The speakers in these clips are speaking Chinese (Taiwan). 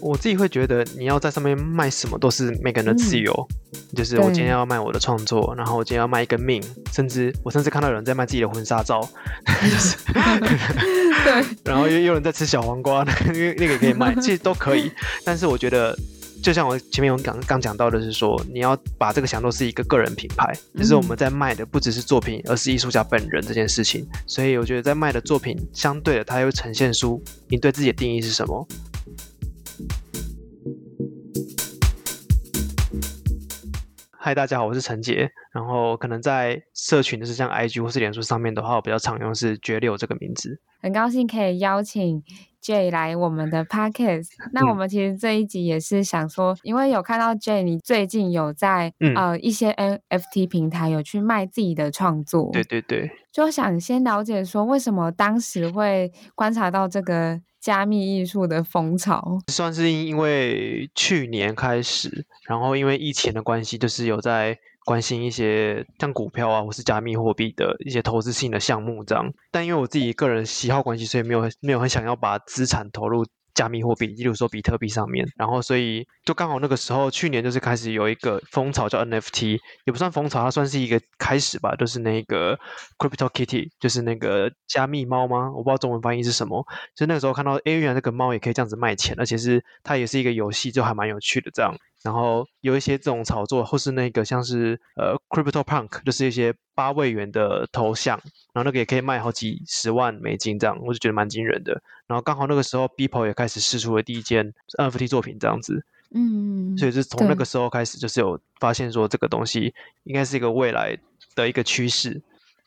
我自己會覺得，你要在上面賣什麼都是每個人的自由。嗯、就是我今天要賣我的創作，對然後我今天要賣一個命，甚至我甚至看到有人在賣自己的婚紗照，對。然後又有人在吃小黃瓜，那個也可以賣，其實都可以。 但是我覺得，就像我前面我剛剛講到的是說，你要把這個想做是一個個人品牌，嗯、就是我們在賣的不只是作品，而是藝術家本人這件事情。所以我覺得，在賣的作品相對的，它又呈現出你對自己的定義是什麼。嗨，Hi, 大家好，我是承杰。然後可能在社群，就是像 IG 或是臉書上面的話，我比較常用是“絕六”這個名字。很高興可以邀請 J 來我們的 Podcast。那我們其實這一集也是想說，嗯、因為有看到 J 你最近有在嗯、呃、一些 NFT 平台有去賣自己的創作，對對對，就想先了解說為什麼當時會觀察到這個。加密藝術的風潮算是因為去年開始，然後因為疫情的關係，就是有在關心一些像股票啊，或是加密貨幣的一些投資性的項目這樣。但因為我自己個人喜好關係，所以沒有沒有很想要把資產投入。加密貨幣，例如說比特幣上面，然後所以就剛好那個時候，去年就是開始有一個風潮叫 NFT，也不算風潮，它算是一個開始吧，就是那個 Crypto Kitty，就是那個加密貓嗎？我不知道中文翻譯是什麼，就那個時候看到誒，原來那個貓也可以這樣子賣錢，而且是它也是一個遊戲，就還蠻有趣的這樣。然後有一些這種炒作，或是那個像是呃，Crypto Punk，就是一些八位元的頭像，然後那個也可以賣好幾十萬美金這樣，我就覺得蠻驚人的。然後剛好那個時候，Beeple 也開始試出了第一件 NFT 作品這樣子，嗯，所以就從那個時候開始，就是有發現說這個東西應該是一個未來的一個趨勢。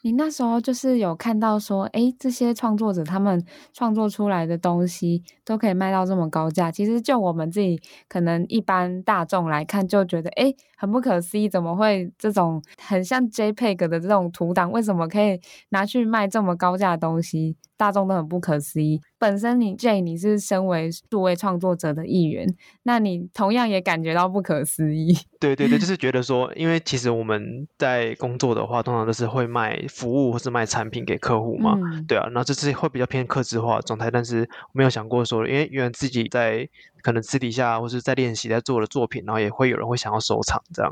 你那時候就是有看到說，哎，這些創作者他們創作出來的東西都可以賣到這麼高價，其實就我們自己可能一般大眾來看就覺得，哎。很不可思議，怎麼會這種很像 JPEG 的這種圖檔，為什麼可以拿去賣這麼高價的東西？大眾都很不可思議。本身你 Jay，你是身為數位創作者的一員，那你同樣也感覺到不可思議。對對對，就是覺得說，因為其實我們在工作的話，通常都是會賣服務或是賣產品給客戶嘛，嗯、對啊，然後這是會比較偏客制化的狀態，但是沒有想過說，因為原來自己在。可能私底下或是在練習在做的作品，然後也會有人會想要收藏這樣。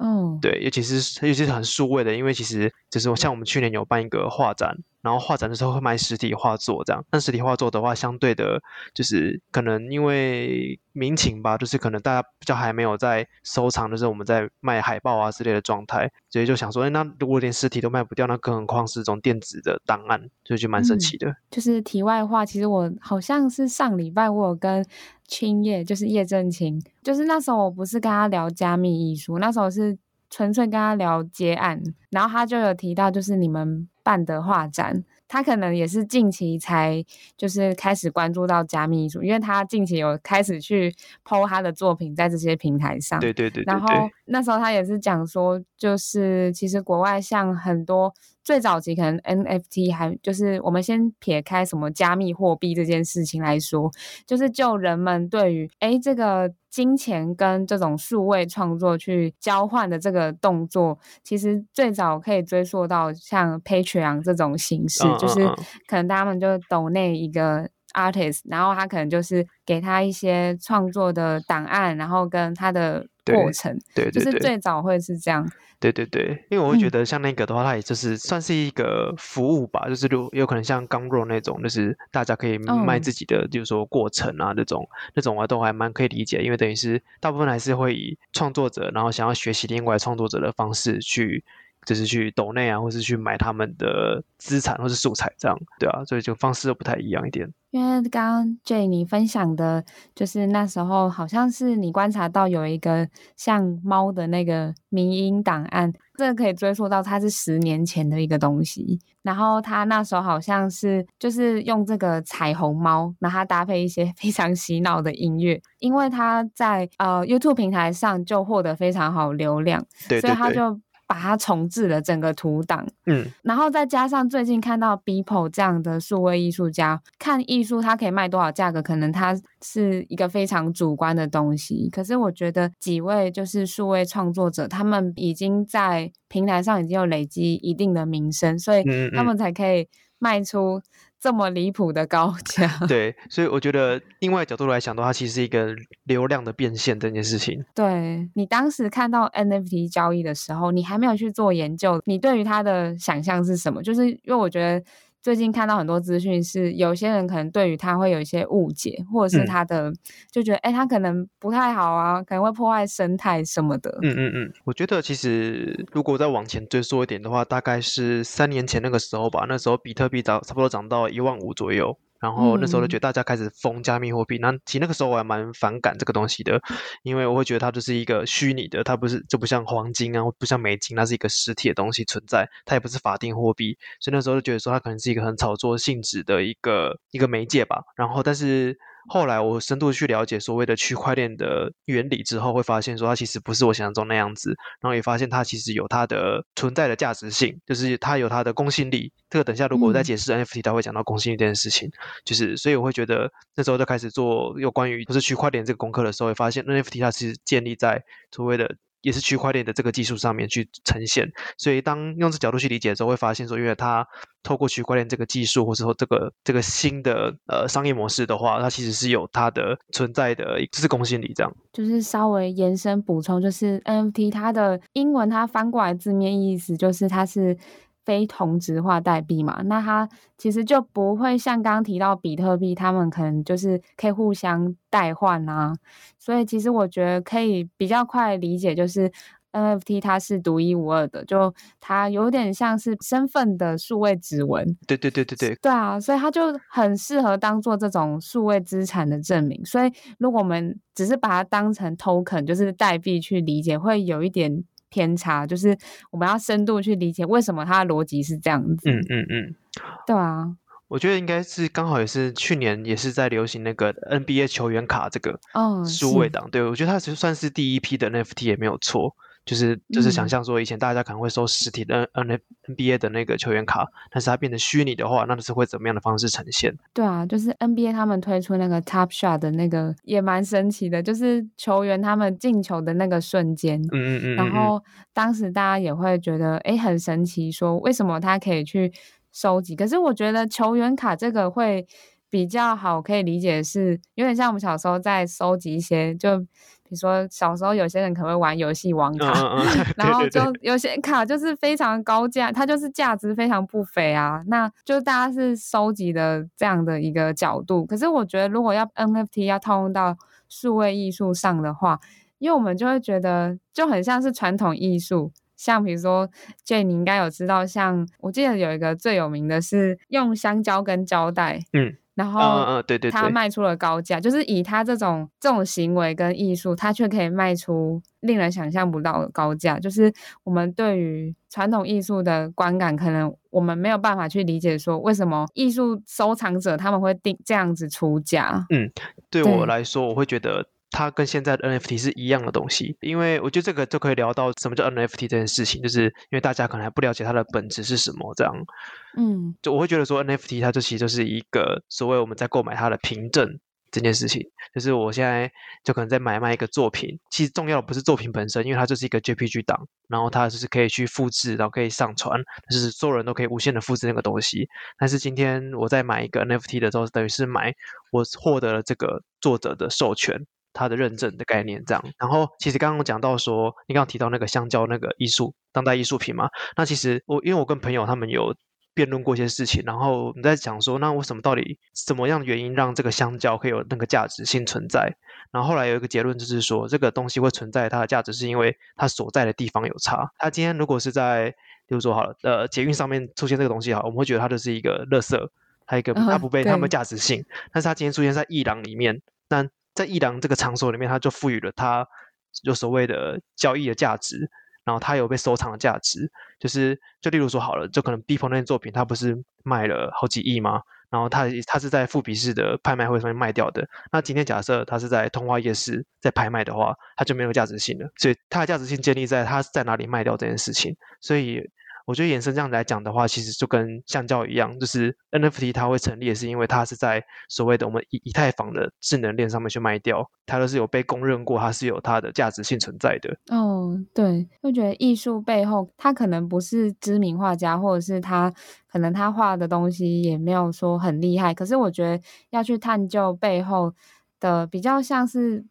嗯，oh. 對，尤其是尤其是很數位的，因為其實就是像我們去年有辦一個畫展。然後畫展的時候會賣實體畫作，這樣，但實體畫作的話，相對的，就是可能因為民情吧，就是可能大家比較還沒有在收藏的時候，我們在賣海報啊之類的狀態，所以就想說，誒那如果連實體都賣不掉，那更何況是這種電子的檔案，所以就蠻神奇的、嗯。就是題外話，其實我好像是上禮拜我有跟青葉，就是葉正晴，就是那時候我不是跟他聊加密藝術，那時候是純粹跟他聊接案，然後他就有提到，就是你們，辦的畫展，他可能也是近期才就是開始關注到加密藝術，因為他近期有開始去 po 他的作品在這些平台上。對對對，對對對。然後那時候他也是講說，就是其實國外像很多最早期可能 NFT 還就是我們先撇開什麼加密貨幣這件事情來說，就是就人們對於誒這個。金錢跟這種數位創作去交換的這個動作，其實最早可以追溯到像 Patreon 這種形式，嗯嗯嗯，就是可能他們就 donate 一個 artist，然後他可能就是給他一些創作的檔案，然後跟他的。對過程，對,對對，就是最早會是這樣，對對對，因為我會覺得像那個的話，嗯、它也就是算是一個服務吧，就是有有可能像 Gumroad、um、那種，就是大家可以賣自己的，就是、嗯、說過程啊那種，那種啊都還蠻可以理解，因為等於是大部分還是會以創作者然後想要學習另外創作者的方式去，就是去抖內啊，或是去買他們的資產或是素材這樣，對啊，所以就方式都不太一樣一點。因為剛剛 Jie 你分享的，就是那時候好像是你觀察到有一個像貓的那個迷因檔案，這個可以追溯到它是十年前的一個東西。然後他那時候好像是就是用這個彩虹貓，然後他搭配一些非常洗腦的音樂，因為他在呃 YouTube 平台上就獲得非常好流量，對對對，所以他就。把它重置了整個圖檔，嗯，然後再加上最近看到 Beeple 這樣的數位藝術家，看藝術他可以賣多少價格，可能他是一個非常主觀的東西。可是我覺得幾位就是數位創作者，他們已經在平台上已經有累積一定的名聲，所以他們才可以賣出。這麼離譜的高價，對，所以我覺得，另外的角度來想的話，其實是一個流量的變現這件事情。對，你當時看到 NFT 交易的時候，你還沒有去做研究，你對於它的想象是什麼？就是因為我覺得。最近看到很多資訊，是有些人可能對於它會有一些誤解，或者是它的、嗯、就覺得，哎、欸，它可能不太好啊，可能會破壞生態什麼的。嗯嗯嗯，我覺得其實如果再往前追溯一點的話，大概是三年前那個時候吧，那時候比特幣漲差不多漲到一萬五左右。然後那時候就覺得大家開始瘋加密貨幣，那其實那個時候我還蠻反感這個東西的，因為我會覺得它就是一個虛擬的，它不是就不像黃金啊，不像美金，它是一個實體的東西存在，它也不是法定貨幣，所以那時候就覺得說它可能是一個很炒作性質的一個一個媒介吧。然後但是。後來我深度去了解所謂的區塊鏈的原理之後，會發現說它其實不是我想象中那樣子，然後也發現它其實有它的存在的價值性，就是它有它的公信力。這個等下如果我再解釋 NFT，它會講到公信力這件事情。嗯、就是所以我會覺得那時候就開始做有關於就是區塊鏈這個功課的時候，也發現 NFT 它其實建立在所謂的。也是區塊鏈的這個技術上面去呈現，所以當用這角度去理解的時候，會發現說，因為它透過區塊鏈這個技術，或者說這個這個新的呃商業模式的話，它其實是有它的存在的，就是公信力這樣。就是稍微延伸補充，就是 NFT 它的英文它翻過來字面意思就是它是。非同質化代幣嘛，那它其實就不會像剛提到比特幣，他們可能就是可以互相代換啊。所以其實我覺得可以比較快理解，就是 NFT 它是獨一無二的，就它有點像是身份的數位指紋。對對對對對。對啊，所以它就很適合當做這種數位資產的證明。所以如果我們只是把它當成 token，就是代幣去理解，會有一點。偏差就是我們要深度去理解為什麼它的邏輯是這樣子。嗯嗯嗯，嗯嗯對啊，我覺得應該是剛好也是去年也是在流行那個 NBA 球員卡這個數位檔，oh, 是，對我覺得它其實算是第一批的 NFT 也沒有錯。就是就是想象說，以前大家可能會收實體的 N N B A 的那個球員卡，但是它變得虛擬的話，那是會怎麼樣的方式呈現？對啊，就是 N B A 他們推出那個 Top Shot 的那個，也蠻神奇的，就是球員他們進球的那個瞬間。嗯，嗯嗯嗯。然後當時大家也會覺得，誒、欸、很神奇，說為什麼他可以去收集？可是我覺得球員卡這個會比較好，可以理解是有點像我們小時候在收集一些就。你說小時候有些人可能會玩遊戲王卡，uh, uh, 然後就有些卡就是非常高價， 對對對，它就是價值非常不菲啊。那就大家是收集的這樣的一個角度。可是我覺得如果要 NFT 要套用到數位藝術上的話，因為我們就會覺得就很像是傳統藝術，像比如說 Jie，你應該有知道像，像我記得有一個最有名的是用香蕉跟膠帶，嗯。然後，對對，他賣出了高價，嗯、對對對，就是以他這種這種行為跟藝術，他卻可以賣出令人想象不到的高價。就是我們對於傳統藝術的觀感，可能我們沒有辦法去理解，說為什麼藝術收藏者他們會定這樣子出價。嗯，對我來說，對我會覺得。它跟現在的 NFT 是一樣的東西，因為我覺得這個就可以聊到什麼叫 NFT 這件事情，就是因為大家可能還不了解它的本質是什麼，這樣，嗯，就我會覺得說 NFT 它就其實就是一個所謂我們在購買它的憑證這件事情，就是我現在就可能在買賣一個作品，其實重要的不是作品本身，因為它就是一個 JPG 檔，然後它就是可以去複製，然後可以上傳，就是所有人都可以無限的複製那個東西。但是今天我在買一個 NFT 的時候，等於是買，我獲得了這個作者的授權。它的認證的概念這樣，然後其實剛剛我講到說，你剛剛提到那個香蕉那個藝術當代藝術品嘛，那其實我因為我跟朋友他們有辯論過一些事情，然後我們在講說，那為什麼到底怎麼樣的原因讓這個香蕉可以有那個價值性存在？然後後來有一個結論就是說，這個東西會存在它的價值，是因為它所在的地方有差。它今天如果是在，比如說好了，呃，捷運上面出現這個東西哈，我們會覺得它就是一個垃圾，它一個它不被它們價值性，但是它今天出現在藝廊裡面，但……在藝廊這個場所裡面，它就賦予了它有所謂的交易的價值，然後它有被收藏的價值。就是就例如說好了，就可能 Beeple 那件作品，它不是賣了好幾億嗎？然後它它是在富比士的拍賣會上面賣掉的。那今天假設它是在通化夜市在拍賣的話，它就沒有價值性了。所以它的價值性建立在它是在哪裡賣掉這件事情。所以。我覺得衍生這樣來講的話，其實就跟橡膠一樣，就是 NFT 它會成立，是因為它是在所謂的我們以以太坊的智能鏈上面去賣掉，它都是有被公認過，它是有它的價值性存在的。哦，對，我覺得藝術背後，它可能不是知名畫家，或者是他可能他畫的東西也沒有說很厲害，可是我覺得要去探究背後的，比較像是。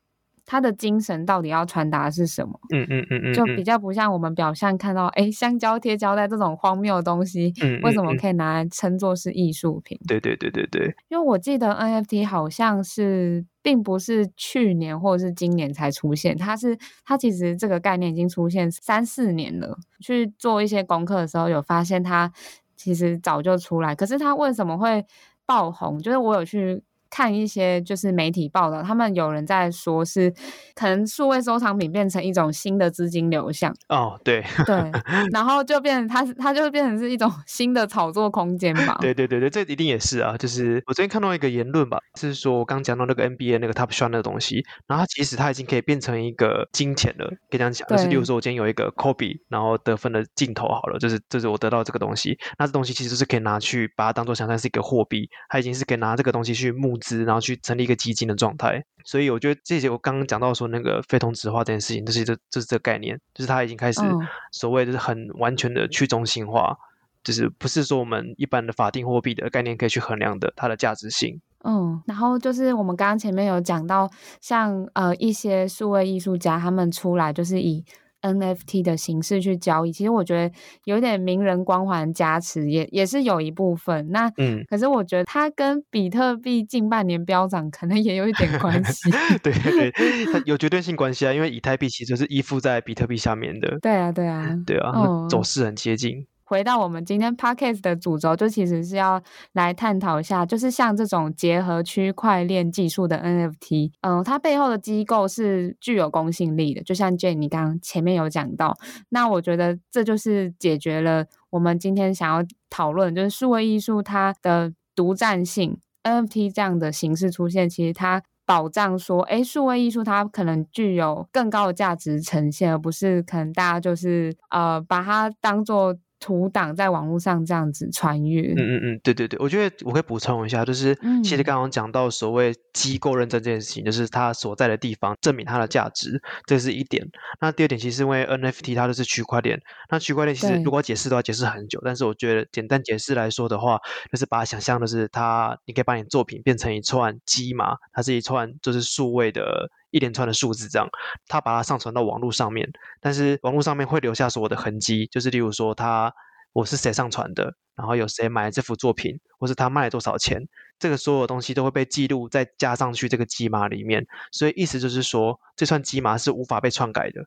他的精神到底要傳達是什麼？嗯嗯嗯嗯，嗯嗯就比較不像我們表象看到，哎、欸，香蕉貼膠帶這種荒謬的東西，嗯嗯、為什麼可以拿來稱作是藝術品？對對對對對。因、嗯、為、嗯、我記得 NFT 好像是並不是去年或者是今年才出現，它是它其實這個概念已經出現三四年了。去做一些功課的時候，有發現它其實早就出來，可是它為什麼會爆紅？就是我有去。看一些就是媒體報道，他們有人在說是可能數位收藏品，變成一種新的資金流向哦，對、oh, 對，對 然後就變成它，它就會變成是一種新的炒作空間吧？對對對對，這一定也是啊。就是我最近看到一個言論吧，是說我剛講到那個 NBA 那個 Top s h 的東西，然後其實它已經可以變成一個金錢了，可以這樣講。對就是比如說我今天有一個 o b 比然後得分的鏡頭，好了，就是就是我得到這個東西，那這東西其實就是可以拿去把它當做想象是一個貨幣，它已經是可以拿這個東西去目。值，然後去成立一個基金的狀態，所以我覺得這些我剛剛講到說那個非同質化這件事情、就是，就是這，就是這概念，就是它已經開始，所謂就是很完全的去中心化，嗯、就是不是說我們一般的法定貨幣的概念可以去衡量的它的價值性。嗯，然後就是我們剛剛前面有講到像，像呃一些數位藝術家他們出來就是以。NFT 的形式去交易，其實我覺得有點名人光環加持也，也也是有一部分。那嗯，可是我覺得它跟比特幣近半年飆漲，可能也有一點關係。 對，對對，它有絕對性關係啊， 因為以太幣其實是依附在比特幣下面的。對啊，對啊、嗯，對啊，對啊、嗯，走勢很接近。回到我們今天 Podcast 的主軸，就其實是要來探討一下，就是像這種結合區塊鏈技術的 NFT，嗯、呃，它背後的機構是具有公信力的，就像 Jane 你剛剛前面有講到，那我覺得這就是解決了我們今天想要討論，就是數位藝術它的獨占性 NFT 這樣的形式出現，其實它保障說，哎，數位藝術它可能具有更高的價值呈現，而不是可能大家就是呃把它當做。圖檔在網絡上這樣子穿越。嗯嗯嗯，對對對，我覺得我可以補充一下，就是其實剛剛講到所謂機構認證這件事情，嗯、就是它所在的地方證明它的價值，這是一點。那第二點，其實因為 NFT 它都是區塊鏈，那區塊鏈其實如果解釋的話解釋很久，對但是我覺得簡單解釋來說的話，就是把它想象的是它，你可以把你作品變成一串機碼，它是一串就是數位的。一連串的數字，這樣他把它上傳到網絡上面，但是網絡上面會留下所有的痕跡，就是例如說他，我是誰上傳的，然後有誰買了這幅作品，或是他賣了多少錢，這個所有東西都會被記錄，再加上去這個機碼裡面，所以意思就是說，這串機碼是無法被篡改的，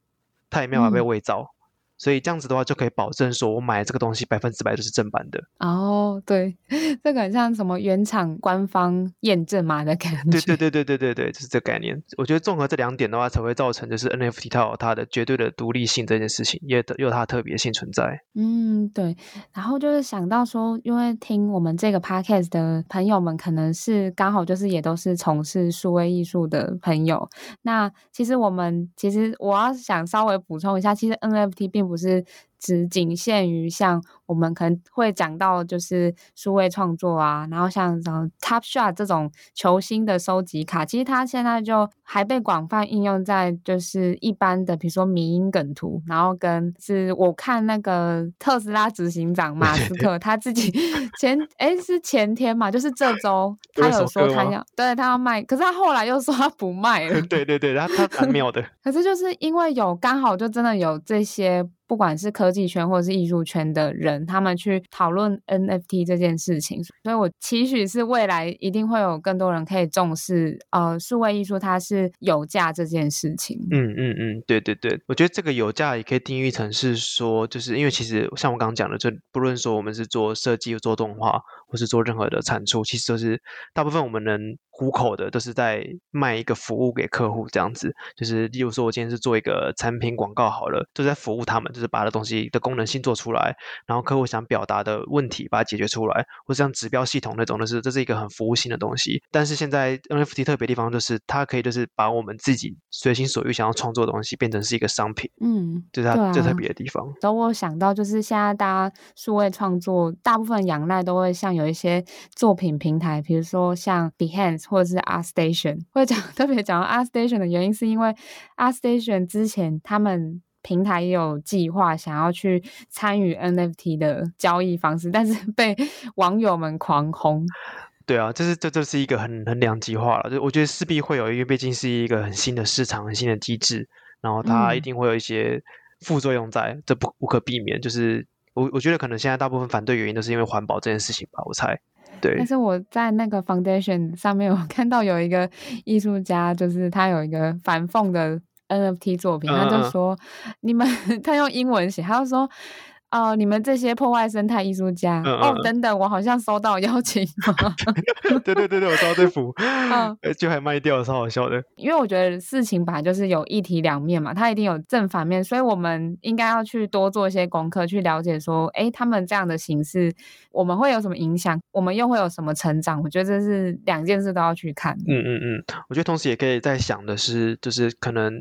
它也無法被偽造。嗯所以這樣子的話，就可以保證說我買這個東西百分之百都是正版的。哦，對，這個很像什麼原廠官方驗證碼的感覺。對對對對對對，就是這個概念。我覺得綜合這兩點的話，才會造成就是 NFT 套它的絕對的獨立性這件事情，也有它的特別性存在。嗯，對。然後就是想到說，因為聽我們這個 podcast 的朋友們，可能是剛好就是也都是從事數位藝術的朋友。那其實我們其實我要想稍微補充一下，其實 NFT 並不是只僅限於像我們可能會講到，就是數位創作啊，然後像然後 Top Shot 這種球星的收集卡，其實它現在就還被廣泛應用在就是一般的，比如說迷因梗圖，然後跟是我看那個特斯拉執行長馬斯克，對對對，他自己前哎、欸、是前天嘛，就是這周他有說他要對，他，對他要賣，可是他後來又說他不賣了。對對對，然後他很妙的。 可是就是因為有剛好就真的有這些。不管是科技圈或是藝術圈的人，他們去討論 NFT 這件事情，所以我期許是未來一定會有更多人可以重視呃，數位藝術它是有價這件事情。嗯嗯嗯，對對對，我覺得這個有價也可以定義成是說，就是因為其實像我剛剛講的，就不論說我們是做設計、做動畫，或是做任何的產出，其實都是大部分我們能。虎口的都、就是在賣一個服務給客戶，這樣子就是，例如說，我今天是做一個產品廣告好了，就是、在服務他們，就是把這東西的功能性做出來，然後客戶想表達的問題把它解決出來，或是像指標系統那種就是，這是一個很服務性的東西。但是現在 NFT 特別的地方就是，它可以就是把我們自己隨心所欲想要創作的東西變成是一個商品，嗯，就是它最特別的地方。等、啊、我想到就是現在大家數位創作大部分仰賴都會像有一些作品平台，比如說像 Behance。或者是 ArtStation，會講特別講 ArtStation 的原因，是因為 ArtStation 之前他們平台也有計劃想要去參與 NFT 的交易方式，但是被網友們狂轟。對啊，這是、這就是一個很很兩極化了，就我覺得勢必會有一個，因為畢竟是一個很新的市場、很新的機制，然後它一定會有一些副作用在，嗯、這不無可避免。就是我我覺得可能現在大部分反對原因都是因為環保這件事情吧，我猜。對但是我在那個 foundation 上面，我看到有一個藝術家，就是他有一個反諷的 NFT 作品，uh huh. 他就說，你們他用英文寫，他就說。哦、呃，你們這些破壞生態藝術家、嗯、哦！嗯、等等，我好像收到邀請了。 對對對對，我收到這幅，嗯、就還賣掉，超好笑的。因為我覺得事情本來就是有一體兩面嘛，它一定有正反面，所以我們應該要去多做一些功課，去了解說，誒，他們這樣的形式，我們會有什麼影響？我們又會有什麼成長？我覺得這是兩件事都要去看。嗯嗯嗯，我覺得同時也可以在想的是，就是可能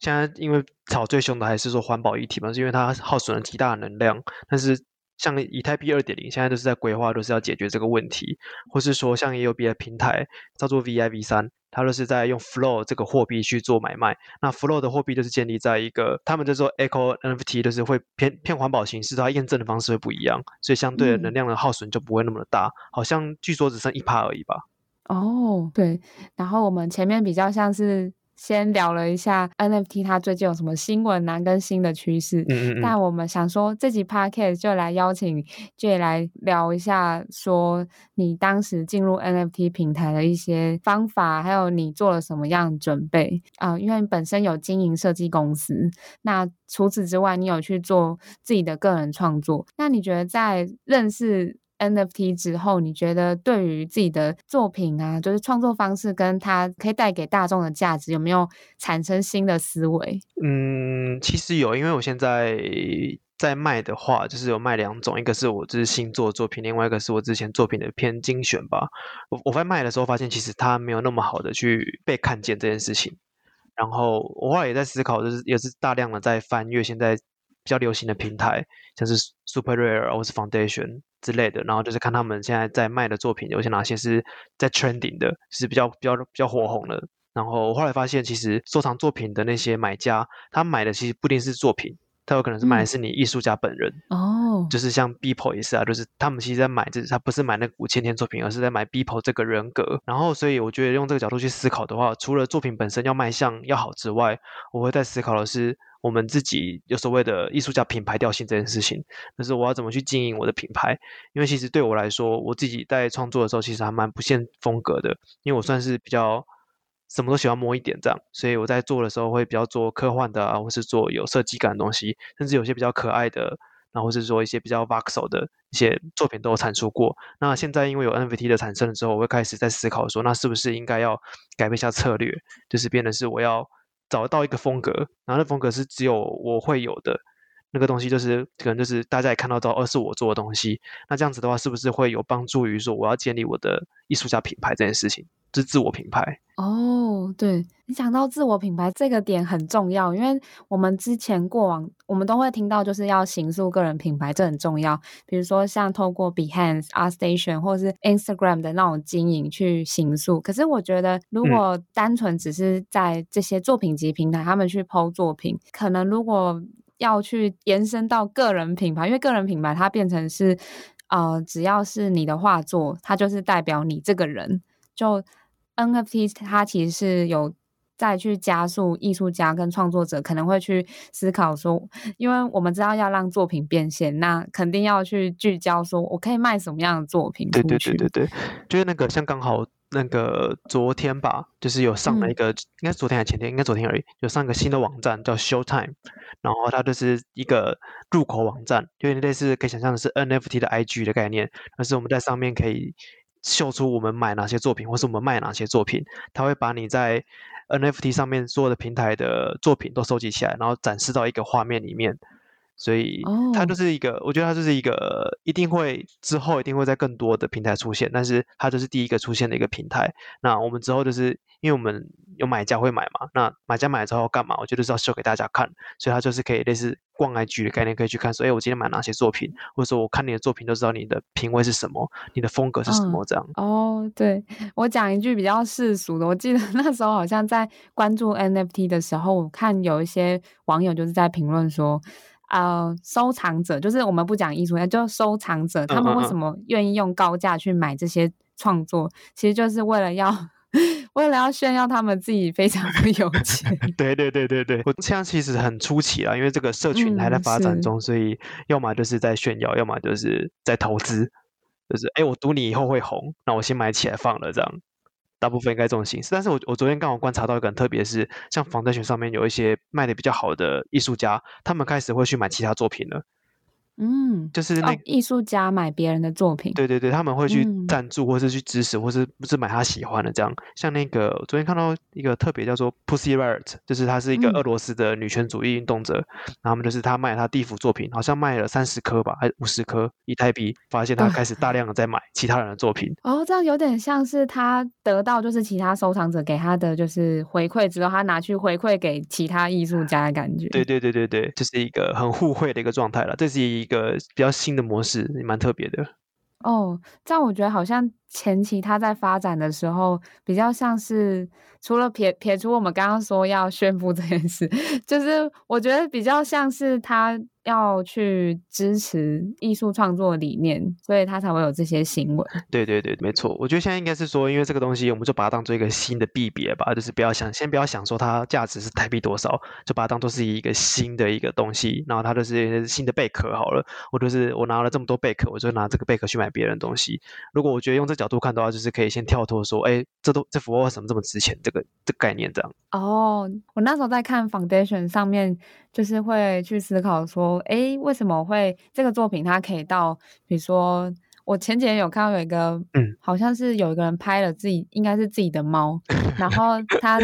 現在因為。炒最兇的還是說環保議題嘛，是因為它耗損了極大的能量。但是像以太幣二點零現在都是在規劃，都是要解決這個問題，或是說像也有別的平台叫做 VIV 三，它都是在用 Flow 這個貨幣去做買賣。那 Flow 的貨幣就是建立在一個，他們叫做 Eco NFT，就是會偏偏環保型，是它驗證的方式會不一樣，所以相對的能量的耗損就不會那麼的大。嗯、好像據說只剩一趴而已吧？哦，對，然後我們前面比較像是。先聊了一下 NFT，它最近有什麼新聞、難更新的趨勢。嗯嗯，但我們想說，這集 Podcast 就來邀請 Jie，就來聊一下，說你當時進入 NFT 平台的一些方法，還有你做了什麼樣的準備啊、呃？因為你本身有經營設計公司，那除此之外，你有去做自己的個人創作。那你覺得在認識？NFT 之後，你覺得對於自己的作品啊，就是創作方式跟它可以帶給大眾的價值，有沒有產生新的思維？嗯，其實有，因為我現在在賣的話，就是有賣兩種，一個是我之前新作的作品，另外一個是我之前作品的偏精選吧。我我在賣的時候發現，其實它沒有那麼好的去被看見這件事情。然後我後來也在思考，就是也是大量的在翻閱現在，比較流行的平台像是 Super Rare，啊、或者 Foundation 之類的，然後就是看他們現在在賣的作品，有些哪些是在 trending 的，就是比較比較比較火紅的。然後我後來發現，其實收藏作品的那些買家，他買的其實不一定是作品，他有可能是買的是你藝術家本人哦，嗯 oh. 就是像 Beeple 也是啊，就是他們其實在買，就是、他不是買那五千天作品，而是在買 Beeple 這個人格。然後所以我覺得用這個角度去思考的話，除了作品本身要賣相要好之外，我會在思考的是。我們自己有所謂的藝術家品牌調性這件事情，但是我要怎麼去經營我的品牌？因為其實對我來說，我自己在創作的時候其實還蠻不限風格的，因為我算是比較什麼都喜歡摸一點這樣，所以我在做的時候會比較做科幻的啊，或是做有設計感的東西，甚至有些比較可愛的，然後是說一些比較 Voxel 的一些作品都有產出過。那現在因為有 NFT 的產生了之後，我會開始在思考說，那是不是應該要改變一下策略，就是變得是我要。找到一個風格，然後那風格是只有我會有的。那個東西就是可能就是大家也看到到，而是我做的東西，那這樣子的話是不是會有幫助於說我要建立我的藝術家品牌這件事情，就是自我品牌哦。Oh, 對你講到自我品牌這個點很重要，因為我們之前過往我們都會聽到就是要形塑個人品牌，這很重要。比如說像透過 Behance、ArtStation 或者是 Instagram 的那種經營去形塑，可是我覺得如果單純只是在這些作品級平台他們去 PO 作品，嗯、可能如果要去延伸到個人品牌，因為個人品牌它變成是，呃，只要是你的畫作，它就是代表你這個人。就 NFT 它其實是有再去加速藝術家跟創作者可能會去思考說，因為我們知道要讓作品變現，那肯定要去聚焦說，我可以賣什麼樣的作品。對對對對對，就是那個像剛好。那個昨天吧，就是有上了一個，嗯、應該是昨天還是前天，應該是昨天而已，有上一個新的網站叫 Showtime，然後它就是一個入口網站，就有點類似可以想象的是 NFT 的 IG 的概念，但是我們在上面可以秀出我們買哪些作品，或是我們賣哪些作品，它會把你在 NFT 上面所有的平台的作品都收集起來，然後展示到一個畫面裡面。所以它就是一個，我覺得它就是一個，一定會之後一定會在更多的平台出現，但是它就是第一個出現的一個平台。那我們之後就是因為我們有買家會買嘛，那買家買了之後幹嘛？我覺得是要秀給大家看，所以它就是可以類似逛 IG 的概念，可以去看，說哎、欸，我今天買哪些作品，或者說我看你的作品，都知道你的品味是什麼，你的風格是什麼這樣、嗯。哦，對，我講一句比較世俗的，我記得那時候好像在關注 NFT 的時候，我看有一些網友就是在評論說，呃，收藏者就是我們不講藝術家，就收藏者，他們為什麼願意用高價去買這些創作？嗯嗯嗯，其實就是為了要，為了要炫耀他們自己非常的有錢。對 對對對對，我這樣其實很初期了，因為這個社群還在發展中，嗯、所以要麼就是在炫耀，要麼就是在投資，就是哎、欸，我賭你以後會紅，那我先買起來放了，這樣。大部分應該這種形式，但是我我昨天剛好觀察到，一個很特，特別是像 Foundation 上面有一些賣得比較好的藝術家，他們開始會去買其他作品了。嗯，就是那個藝術、哦、家買別人的作品，對對對，他們會去贊助或是去支持，或是不是買他喜歡的這樣。像那個，我昨天看到一個特別叫做 Pussy Riot，就是他是一個俄羅斯的女權主義運動者，嗯、然後他們就是他賣他第一幅作品，好像賣了三十顆吧，還是五十顆以太幣，發現他開始大量的在買其他人的作品。哦，這樣有點像是他得到就是其他收藏者給他的就是回饋之後，只他拿去回饋給其他藝術家的感覺。對對對對對，這、就是一個很互惠的一個狀態了，這是一一個比較新的模式，蠻特別的。哦，這樣我覺得好像。前期他在發展的時候，比較像是，除了撇撇除我們剛剛說要宣布這件事，就是我覺得比較像是他要去支持藝術創作理念，所以他才會有這些新聞。對對對，沒錯。我覺得現在應該是說，因為這個東西，我們就把它當做一個新的幣別吧，就是不要想，先不要想說它價值是台幣多少，就把它當做是一個新的一個東西，然後它就是新的貝殼好了。我就是我拿了這麼多貝殼，我就拿這個貝殼去買別人的東西。如果我覺得用這角角度看的話，就是可以先跳脫說，哎，這都這幅畫為什麼這麼值錢？這個這個、概念這樣。哦，oh, 我那時候在看 Foundation 上面，就是會去思考說，哎，為什麼會這個作品它可以到？比如說，我前幾天有看到有一個，嗯，好像是有一個人拍了自己，應該是自己的貓， 然後他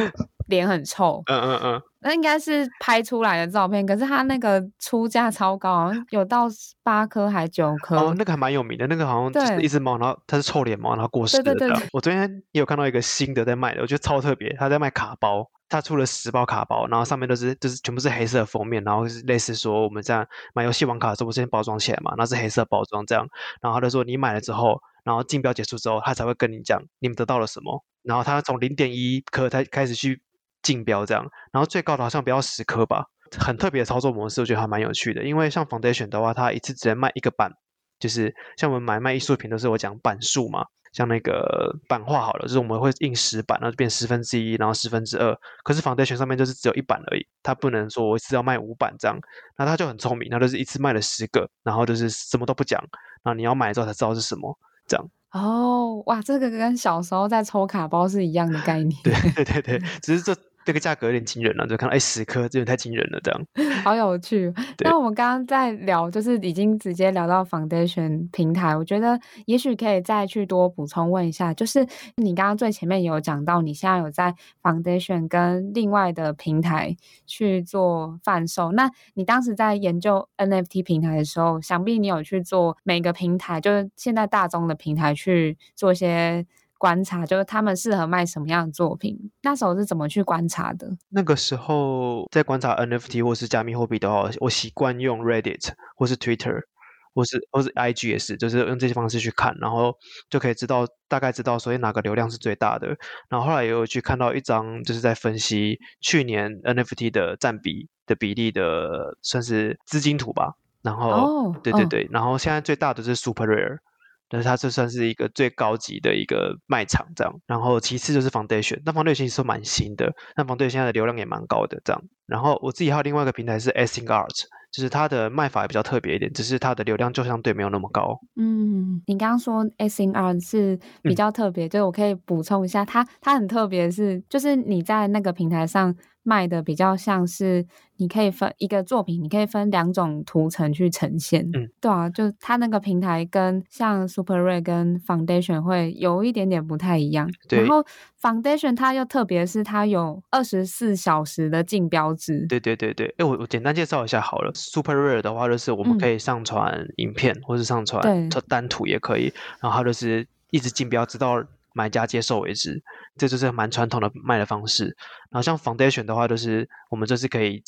臉很臭。嗯嗯嗯。嗯嗯那應該是拍出來的照片，可是他那個出價超高，有到八顆還九顆。哦，那個還蠻有名的，那個好像就是一隻貓，對然後它是臭臉貓，然後過世的，對對對。我昨天也有看到一個新的在賣的，我覺得超特別。他在賣卡包，他出了十包卡包，然後上面都是就是全部是黑色封面，然後是類似說我們這樣買遊戲王卡的時候不是先包裝起來嘛，那是黑色包裝這樣，然後他說你買了之後，然後競標結束之後，他才會跟你講你們得到了什麼，然後他從零點一顆他開始去，競標這樣，然後最高的好像不要十顆吧，很特別的操作模式，我覺得還蠻有趣的。因為像 Foundation 的話，它一次只能賣一個版，就是像我們買賣藝術品的時候，我講版數嘛，像那個版畫好了，就是我們會印十版，然後變十分之一，然後十分之二。可是 Foundation 上面就是只有一版而已，它不能說我一次要賣五版這樣，那它就很聰明，它就是一次賣了十個，然後就是什麼都不講，那你要買的時候，才知道是什麼這樣。哦，哇，這個跟小時候在抽卡包是一樣的概念。 對對對對，只、就是這。 這個價格有點驚人了，啊，就看到哎、欸，十顆真的太驚人了，這樣好有趣、喔。對那我們剛剛在聊，就是已經直接聊到 Foundation 平台，我覺得也許可以再去多補充問一下，就是你剛剛最前面有講到，你現在有在 Foundation 跟另外的平台去做販售，那你當時在研究 NFT 平台的時候，想必你有去做每個平台，就是現在大眾的平台去做一些。觀察就是他們適合賣什麼樣的作品，那時候是怎麼去觀察的？那個時候在觀察 NFT 或是加密貨幣的話，我習慣用 Reddit 或是 Twitter 或是或是 IG S，就是用這些方式去看，然後就可以知道大概知道所以哪個流量是最大的。然後後來也有去看到一張就是在分析去年 NFT 的佔比的比例的，算是資金圖吧。然後，哦、對對對，哦、然後現在最大的是 Super Rare，但是它這算是一個最高級的一個賣場這樣，然後其次就是 Foundation，那 Foundation 其實蠻新的，那 Foundation 現在的流量也蠻高的這樣，然後我自己還有另外一個平台是 Async Art，就是它的賣法也比較特別一點，只是它的流量就相對沒有那麼高。嗯，你剛剛說 Async Art 是比較特別，嗯、就是我可以補充一下，它它很特別是，就是你在那個平台上。賣的比較像是，你可以分一個作品，你可以分兩種圖層去呈現，嗯，對啊，就它那個平台跟像 SuperRare 跟 Foundation 會有一點點不太一樣。對。然後 Foundation 它又特別是它有二十四小時的競標制。對對對對。哎，欸，我我簡單介紹一下好了。SuperRare 的話就是我們可以上傳影片，嗯，或是上傳單圖也可以，對然後它就是一直競標直到買家接受為止，這就是蠻傳統的賣的方式。然後像 Foundation 的話，就是我們就是可以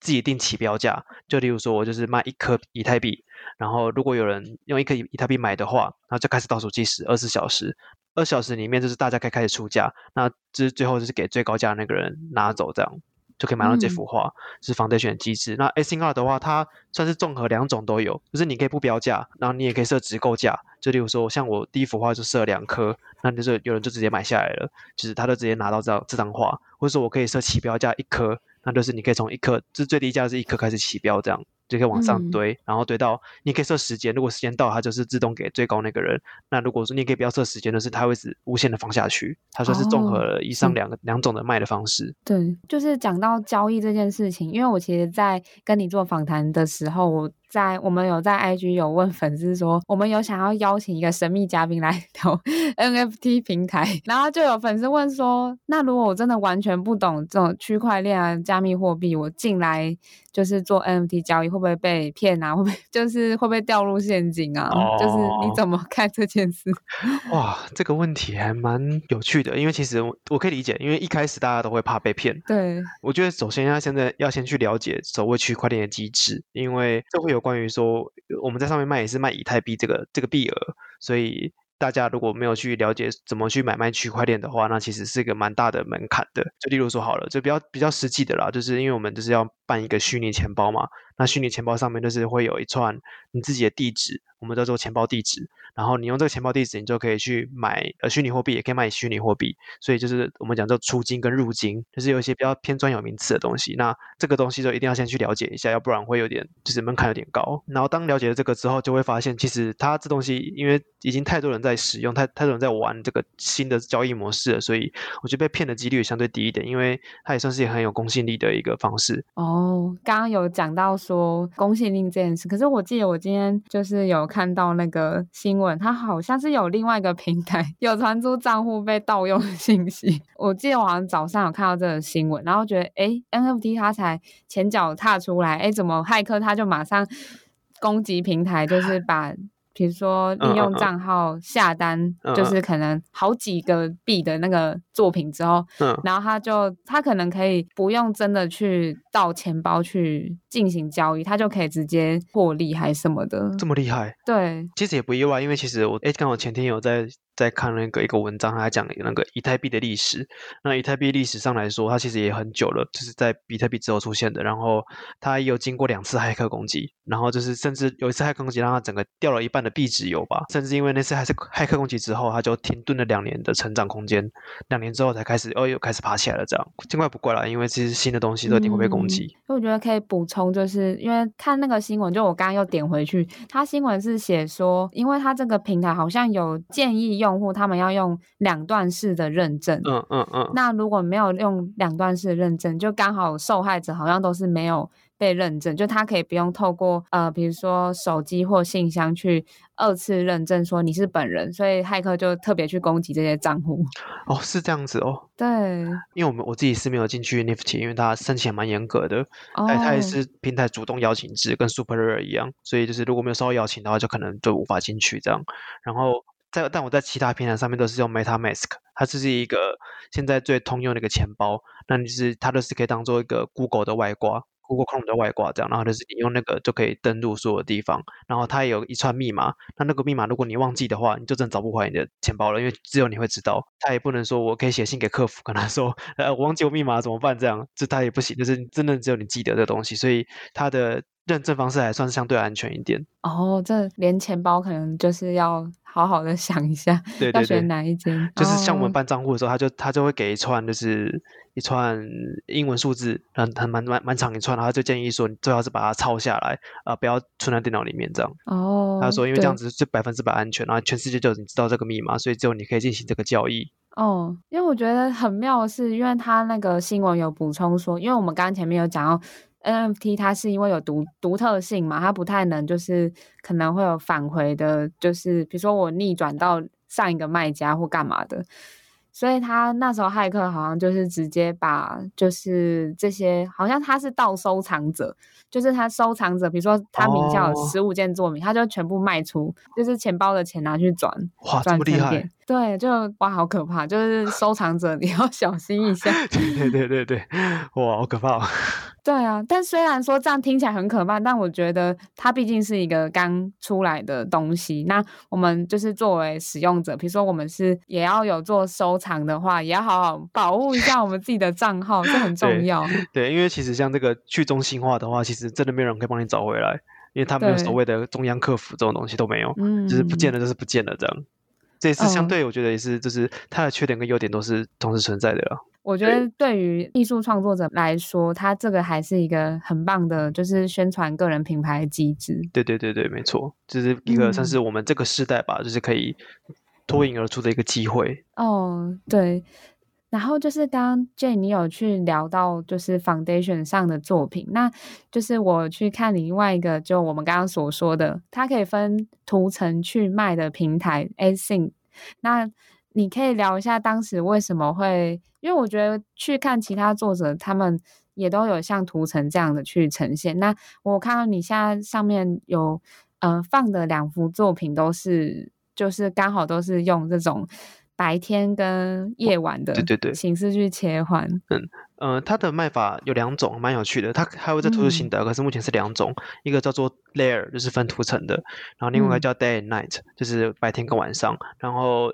自己定起標價。就例如說，我就是賣一顆以太幣，然後如果有人用一顆以以太幣買的話，然後就開始倒數計時，二十四小時，二小時裡面就是大家可以開始出價，那這是最後就是給最高價的那個人拿走這樣。就可以買到這幅畫，嗯、是 Foundation 的機制。那 SR 的話，它算是綜合兩種都有，就是你可以不標價，然後你也可以設直購價。就例如說，像我第一幅畫就設兩顆，那就是有人就直接買下來了，就是他就直接拿到這這張畫。或者說我可以設起標價一顆，那就是你可以從一顆，這最低價是一顆開始起標這樣。就可以往上堆，嗯、然後堆到你可以設時間，如果時間到，它就是自動給最高那個人。那如果說你可以不要設時間的，就是它會是無限的放下去。它就是綜合了以上兩個、哦、兩種的賣的方式，嗯。對，就是講到交易這件事情，因為我其實，在跟你做訪談的時候，在我們有在 IG 有問粉絲說，我們有想要邀請一個神秘嘉賓來聊 NFT 平台，然後就有粉絲問說，那如果我真的完全不懂這種區塊鏈啊、加密貨幣，我進來就是做 NFT 交易，會不會被騙啊？會不會就是會不會掉入陷阱啊？哦、就是你怎麼看這件事？哇，這個問題還蠻有趣的，因為其實我，我可以理解，因為一開始大家都會怕被騙。對，我覺得首先要現在要先去了解所謂區塊鏈的機制，因為這會有。關於說我們在上面賣也是賣以太幣這個這個幣額，所以大家如果沒有去了解怎麼去買賣區塊鏈的話，那其實是一個蠻大的門檻的。就例如說好了，就比較比較實際的啦，就是因為我們就是要。辦一個虛擬錢包嘛，那虛擬錢包上面就是會有一串你自己的地址，我們叫做錢包地址。然後你用這個錢包地址，你就可以去買呃虛擬貨幣，也可以賣以虛擬貨幣。所以就是我們講叫出金跟入金，就是有一些比較偏專有名詞的東西。那這個東西就一定要先去了解一下，要不然會有點就是門檻有點高。然後當了解了這個之後，就會發現其實它這東西因為已經太多人在使用，太太多人在玩這個新的交易模式了，所以我覺得被騙的幾率相對低一點，因為它也算是很有公信力的一個方式。哦。哦，剛剛有講到說公信力這件事，可是我記得我今天就是有看到那個新聞，他好像是有另外一個平台有傳出賬戶被盜用的信息。我記得我好像早上有看到這個新聞，然後覺得，哎，NFT 他才前腳踏出來，哎，怎麼駭客他就馬上攻擊平台，就是把比如說利用賬號下單，uh huh. 就是可能好幾個幣的那個作品之後，uh huh. 然後他就他可能可以不用真的去。到錢包去進行交易，他就可以直接獲利還什麼的？這麼厲害？對，其實也不意外，因為其實我哎，剛、欸、我前天有在在看那個一個文章，他講那個以太幣的歷史。那以太幣歷史上來說，它其實也很久了，就是在比特幣之後出現的。然後它有經過兩次駭客攻擊，然後就是甚至有一次駭客攻擊讓它整個掉了一半的幣值有吧？甚至因為那次還是駭客攻擊之後，它就停頓了兩年的成長空間，兩年之後才開始哦，又開始爬起來了這樣，見怪不怪了，因為其實新的東西，都挺會被攻。嗯我覺得可以補充，就是因為看那個新聞，就我剛剛又點回去，他新聞是寫說，因為他這個平台好像有建議用戶他們要用兩段式的認證，嗯嗯嗯，嗯嗯，那如果沒有用兩段式認證，就剛好受害者好像都是沒有。被認證，就他可以不用透過呃，比如說手機或信箱去二次認證說你是本人，所以駭客就特別去攻擊這些賬戶。哦，是這樣子哦。對，因為我們我自己是沒有進去 Nifty，因為它申請蠻嚴格的，哎、哦，它也是平台主動邀請制，跟 SuperRare 一樣，所以就是如果沒有收到邀請的話，就可能就無法進去這樣。然後在，但我在其他平台上面都是用 MetaMask，它是一個現在最通用的一個錢包，那就是它都是可以當做一個 Google 的外掛。Google Chrome 的外掛這樣，然後就是你用那個就可以登錄所有的地方，然後它也有一串密碼。那那個密碼如果你忘記的話，你就真的找不回你的錢包了，因為只有你會知道。他也不能說我可以寫信給客服跟他說，呃，我忘記我密碼怎麼辦？這樣這他也不行，就是真的只有你記得這東西，所以他的。認證方式還算是相對安全一點哦。這連錢包可能就是要好好的想一下，對對對，要選哪一間？就是像我們辦賬戶的時候，哦、他就他就會給一串，就是一串英文數字，很很蠻蠻蠻,蠻長一串，然後他就建議說你最好是把它抄下來啊、呃，不要存在電腦裡面這樣。哦，他說因為這樣子就百分之百安全，對然後全世界就你知道這個密碼，所以只有你可以進行這個交易。哦，因為我覺得很妙的是，因為他那個新聞有補充說，因為我們剛剛前面有講到。NFT 它是因為有獨獨特性嘛，它不太能就是可能會有返回的，就是比如說我逆轉到上一個賣家或幹嘛的，所以他那時候駭客好像就是直接把就是這些，好像他是盜收藏者，就是他收藏者，比如說他名下有十五件作品，他、哦、就全部賣出，就是錢包的錢拿去轉，哇這麼厲害，對，就哇好可怕，就是收藏者 你要小心一下，對 對對對對，哇好可怕、哦。對啊，但雖然說這樣聽起來很可怕，但我覺得它畢竟是一個剛出來的東西。那我們就是作為使用者，比如說我們是也要有做收藏的話，也要好好保護一下我們自己的賬號， 這很重要。對，對，因為其實像這個去中心化的話，其實真的沒有人可以幫你找回來，因為他沒有所謂的中央客服這種東西都沒有，對就是不見了就是不見了這樣。這也是相對，我覺得也是，就是它的缺點跟優點都是同時存在的。我覺得對於藝術創作者來說，對他這個還是一個很棒的，就是宣傳個人品牌的機制。對對對對，沒錯，這、就是一個算是我們這個時代吧，嗯、就是可以脫穎而出的一個機會。哦、嗯，oh, 對。然後就是剛剛 Jie 你有去聊到，就是 Foundation 上的作品，那就是我去看你另外一個，就我們剛剛所說的，它可以分圖層去賣的平台，Async。那你可以聊一下當時為什麼會？因為我覺得去看其他作者，他們也都有像圖層這樣的去呈現。那我看到你現在上面有呃放的兩幅作品，都是就是剛好都是用這種白天跟夜晚的對對對形式去切換。對對對嗯呃，它的賣法有兩種，蠻有趣的。它還有這推出新的，嗯、可是目前是兩種，一個叫做 Layer，就是分圖層的，然後另外一個叫 Day and Night，、嗯、就是白天跟晚上，然後。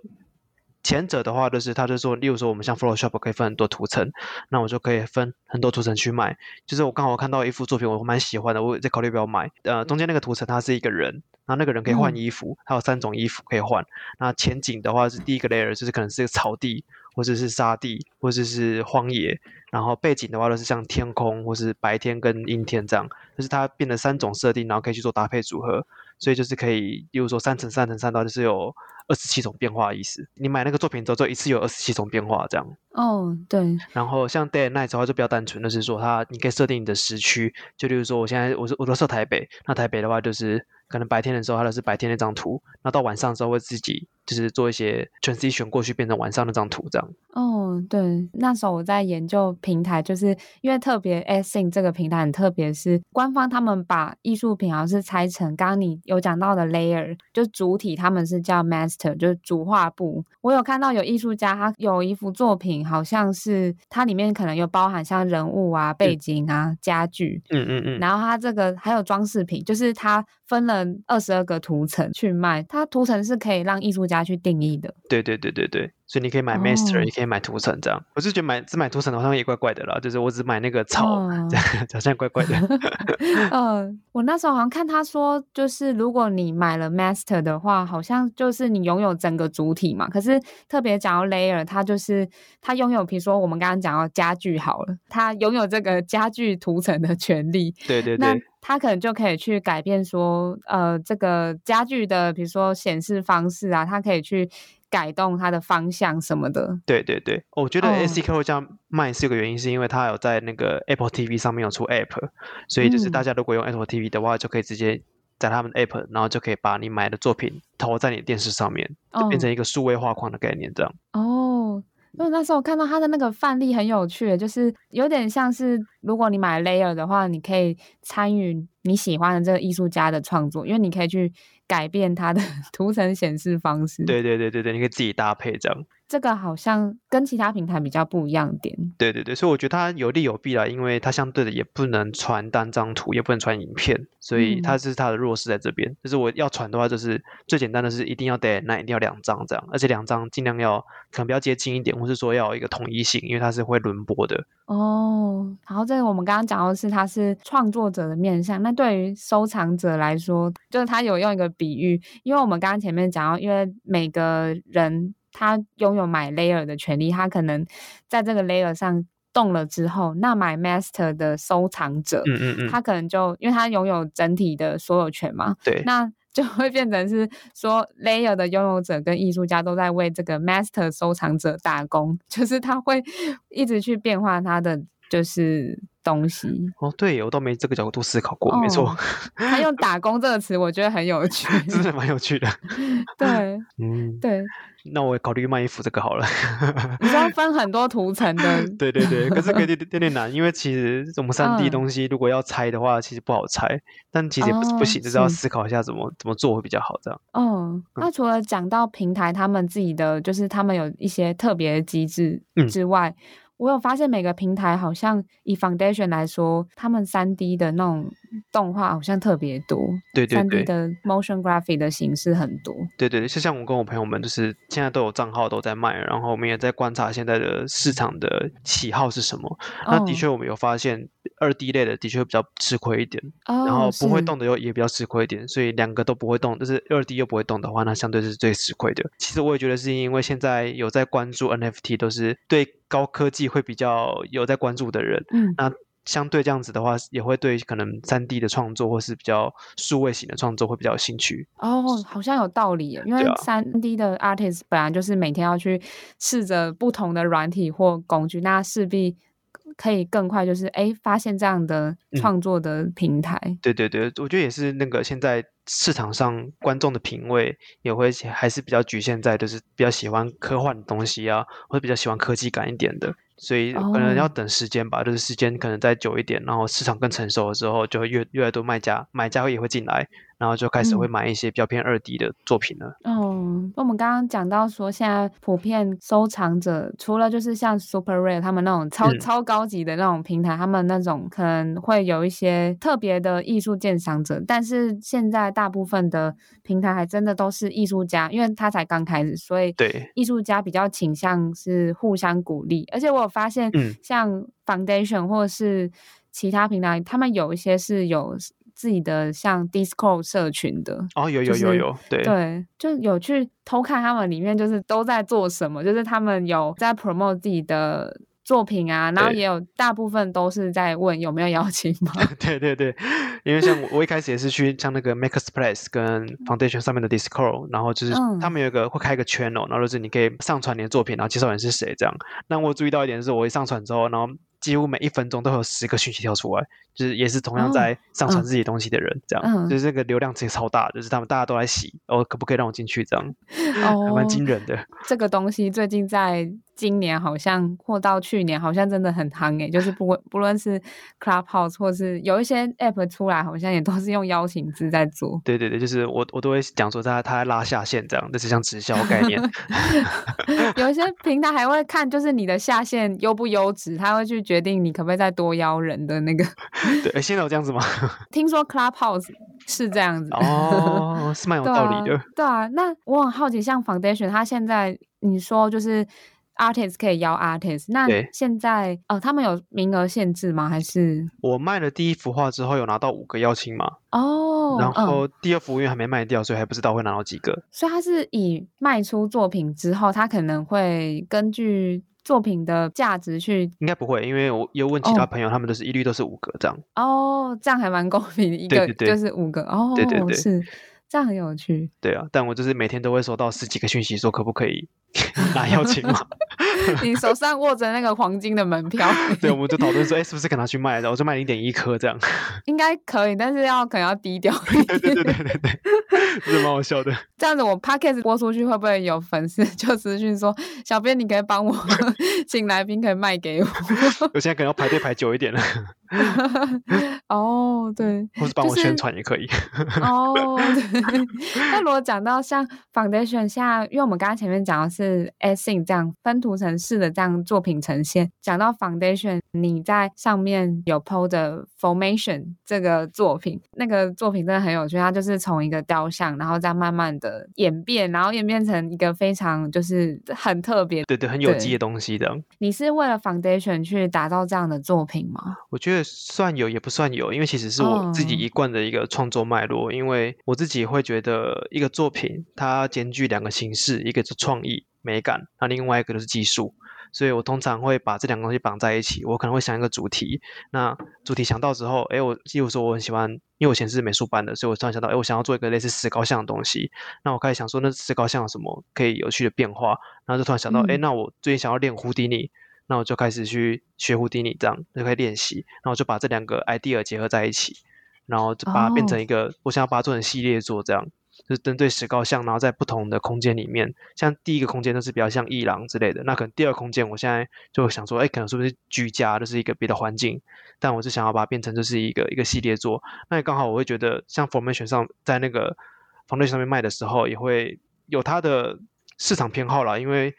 前者的話，就是他就是說，例如說我們像 Photoshop 可以分很多圖層，那我就可以分很多圖層去賣。就是我剛好看到一幅作品，我蠻喜歡的，我在考慮要不要買。呃，中間那個圖層它是一個人，那那個人可以換衣服，嗯、它有三種衣服可以換。那前景的話是第一個 layer，就是可能是個草地或者是，是沙地或者是，是荒野，然後背景的話都是像天空或者是白天跟陰天這樣，就是它變了三種設定，然後可以去做搭配組合。所以就是可以，例如說三乘三乘三到就是有二十七種變化的意思。你買那個作品之後，就一次有二十七種變化這樣。哦，oh, 對。然後像 Day Night 的話，就比較單純的、就是說，它你可以設定你的時區。就例如說，我現在我是我都設台北，那台北的話就是可能白天的時候，它就是白天那張圖。那到晚上之後會自己。就是做一些 transition 過去變成晚上那張圖這樣。哦，oh, 對，那時候我在研究平台，就是因為特別 Async 這個平台很特別，是官方他們把藝術品好像是拆成剛剛你有講到的 layer，就主體他們是叫 master，就是主畫布。我有看到有藝術家他有一幅作品，好像是它裡面可能有包含像人物啊、背景啊、嗯、家具，嗯嗯嗯，然後它這個還有裝飾品，就是它分了二十二個圖層去賣，它圖層是可以讓藝術家。大家去定義的，對對對對對。所以你可以買 master，也、oh. 可以買圖層這樣。我是覺得買只買圖層好像也怪怪的啦，就是我只買那個草，這樣好像怪怪的。嗯 呃，我那時候好像看他說，就是如果你買了 master 的話，好像就是你擁有整個主體嘛。可是特別講到 layer，它就是它擁有，比如說我們剛剛講到家具好了，他擁有這個家具圖層的權利。對對對。那它可能就可以去改變說，呃，這個家具的比如說顯示方式啊，他可以去。改動它的方向什麼的，對對對，oh, oh, 我覺得 S,、oh. S C Q 這樣賣是有個原因，是因為它有在那個 Apple TV 上面有出 App，所以就是大家如果用 Apple TV 的話，就可以直接在他們 App，、嗯、然後就可以把你買的作品投在你的電視上面，就變成一個數位畫框的概念這樣。哦。Oh. Oh. 因為那時候我看到他的那個範例很有趣，就是有點像是如果你買 layer 的話，你可以參與你喜歡的這個藝術家的創作，因為你可以去改變他的圖層顯示方式。對 對對對對，你可以自己搭配這樣。這個好像跟其他平台比較不一樣一點。對對對，所以我覺得它有利有弊啦，因為它相對的也不能傳單張圖，也不能傳影片，所以它是它的弱勢在這邊。就、嗯、是我要傳的話，就是最簡單的是一定要得，那一定要兩張這樣，而且兩張盡量要可能比較接近一點，或是說要有一個統一性，因為它是會輪播的。哦，然後這是我們剛剛講到的是它是創作者的面向，那對於收藏者來說，就是他有用一個比喻，因為我們剛剛前面講到，因為每個人。他擁有買 layer 的權利，他可能在這個 layer 上動了之後，那買 master 的收藏者，嗯嗯嗯，他可能就因為他擁有整體的所有權嘛，對，那就會變成是說 layer 的擁有者跟藝術家都在為這個 master 收藏者打工，就是他會一直去變化他的就是東西。哦，對我都沒這個角度思考過，哦、沒錯。他用“打工”這個詞，我覺得很有趣， 真的蠻有趣的。對，嗯，對。那我也考慮賣衣服這個好了，你知道分很多圖層的。 對對對，可是有點有點難， 因為其實這種三 D 東西如果要拆的話，嗯、其實不好拆。但其實也不、哦、不行，就是要思考一下怎麼是怎麼做會比較好。這樣。哦，那除了講到平台他們自己的，就是他們有一些特別的機製之外，嗯、我有發現每個平台好像以 Foundation 來說，他們三 D 的那種。動畫好像特別多，對對對，的 motion graphic 的形式很多，對對對，就像我跟我朋友們，就是現在都有賬號都在賣，然後我們也在觀察現在的市場的喜好是什麼。哦、那的確，我們有發現二 D 類的的確比較吃虧一點，哦、然後不會動的又也比較吃虧一點，是所以兩個都不會動，就是二 D 又不會動的話，那相對是最吃虧的。其實我也覺得是因為現在有在關注 NFT，都是對高科技會比較有在關注的人，嗯，那。相對這樣子的話，也會對可能三 D 的創作或是比較數位型的創作會比較有興趣。哦，好像有道理，因為三 D 的 artist 本來就是每天要去試着不同的軟體或工具，那勢必可以更快就是，哎，發現這樣的創作的平台。嗯，對對對，我覺得也是那個現在市場上觀眾的品味也會還是比較局限在就是比較喜歡科幻的東西啊，或者比較喜歡科技感一點的。所以可能要等時間吧，oh. 就是時間可能再久一點，然後市場更成熟的時候就，就會越越來越多賣家、買家也會進來。然後就開始會買一些比較偏二 D 的作品了。哦、嗯、那、oh, 我們剛剛講到說，現在普遍收藏者除了就是像 SuperRare 他們那種超、嗯、超高級的那種平台，他們那種可能會有一些特別的藝術鑑賞者，但是現在大部分的平台還真的都是藝術家，因為他才剛開始，所以對藝術家比較傾向是互相鼓勵。對而且我有發現，像 Foundation 或者是其他平台，他、嗯、們有一些是有。自己的像 Discord 社群的哦，有有有有，就是、有有對對，就有去偷看他們裡面就是都在做什麼，就是他們有在 promote 自己的作品啊，對然後也有大部分都是在問有沒有邀請碼？對，對對對，因為像我，我一開始也是去像那個 MakersPlace 跟 Foundation 上面的 Discord， 然後就是他們有一個會開一個 channel，然後就是你可以上傳你的作品，然後介紹人是誰這樣。那我注意到一點是，我一上傳之後，然後。幾乎每一分鐘都有十個訊息跳出來，就是也是同樣在上傳自己東西的人，這樣，哦嗯嗯、就是那個流量其實超大，就是他們大家都來洗，哦，可不可以讓我進去這樣，哦、還蠻驚人的。這個東西最近在。今年好像或到去年好像真的很夯。哎、欸，就是不不論是 Clubhouse 或是有一些 App 出來，好像也都是用邀請制在做。對對對，就是我我都會講說他他在拉下線這樣，但、就是像直銷概念。 有一些平台還會看就是你的下線優不優質，他會去決定你可不可以再多邀人的那個。對，現在有這樣子嗎？聽說 Clubhouse 是這樣子哦，是蠻有道理的。對啊，那我很好奇，像 Foundation 他現在你說就是。Artist 可以邀 Artist，那現在對哦，他們有名額限制嗎？還是我賣了第一幅畫之後，有拿到五個邀請碼？哦，oh, 然後第二幅因為還沒賣掉，嗯、所以還不知道會拿到幾個。所以他是以賣出作品之後，他可能會根據作品的價值去，應該不會，因為我又問其他朋友，oh. 他們都是一律都是五個這樣。哦，oh, 這樣還蠻公平，對對對，一個就是五個，哦、oh,，對，對對對，是這樣很有趣。對啊，但我就是每天都會收到十幾個訊息，說可不可以。拿邀 請嗎？ 你手上握着那個黃金的門票。 對，我們就討論說，哎、欸，是不是可以拿去賣？然後就賣零點一顆這樣。 應該可以，但是要可能要低調一點。對對對對對，蠻好笑的 。這樣子我 podcast 播出去會不會有粉絲就私訊說，小編你可以幫我請來賓可以賣給我？ 我現在可能要排隊排久一點了。哦 oh, 對，或是幫我宣傳也可以。哦、 oh, 對，那 如果講到像 foundation，現在因為我們剛剛前面講的是。是 a s n g 這樣分圖層式的這樣作品呈現。講到 foundation，你在上面有 po 的 formation 這個作品，那個作品真的很有趣。它就是從一個雕像，然後再慢慢的演變，然後演變成一個非常就是很特別、對對，對很有機的東西的。你是為了 foundation 去打造這樣的作品嗎？我覺得算有也不算有，因為其實是我自己一貫的一個創作脈絡。Oh. 因為我自己會覺得一個作品它兼具兩個形式，一個是創意。美感，那另外一個就是技術，所以我通常會把這兩個東西綁在一起。我可能會想一個主題，那主題想到之後，哎，我譬如說我很喜歡，因為我以前是美術班的，所以我突然想到，哎，我想要做一個類似石膏像的東西。那我開始想說，那石膏像有什麼可以有趣的變化？然後就突然想到，哎、嗯，那我最近想要練胡迪尼，那我就開始去學胡迪尼，這樣就開始練習。然後就把這兩個 idea 結合在一起，然後就把它變成一個，哦、我想要把它做成系列做這樣。就是針對石膏像，然後在不同的空間裡面，像第一個空間都是比較像藝廊之類的，那可能第二個空間我現在就想說，哎，可能是不是居家，就是一個別的環境？但我是想要把它變成就是一個一個系列做，那也剛好我會覺得像，像 formation 上在那個 Foundation 上面賣的時候，也會有它的市場偏好啦，因為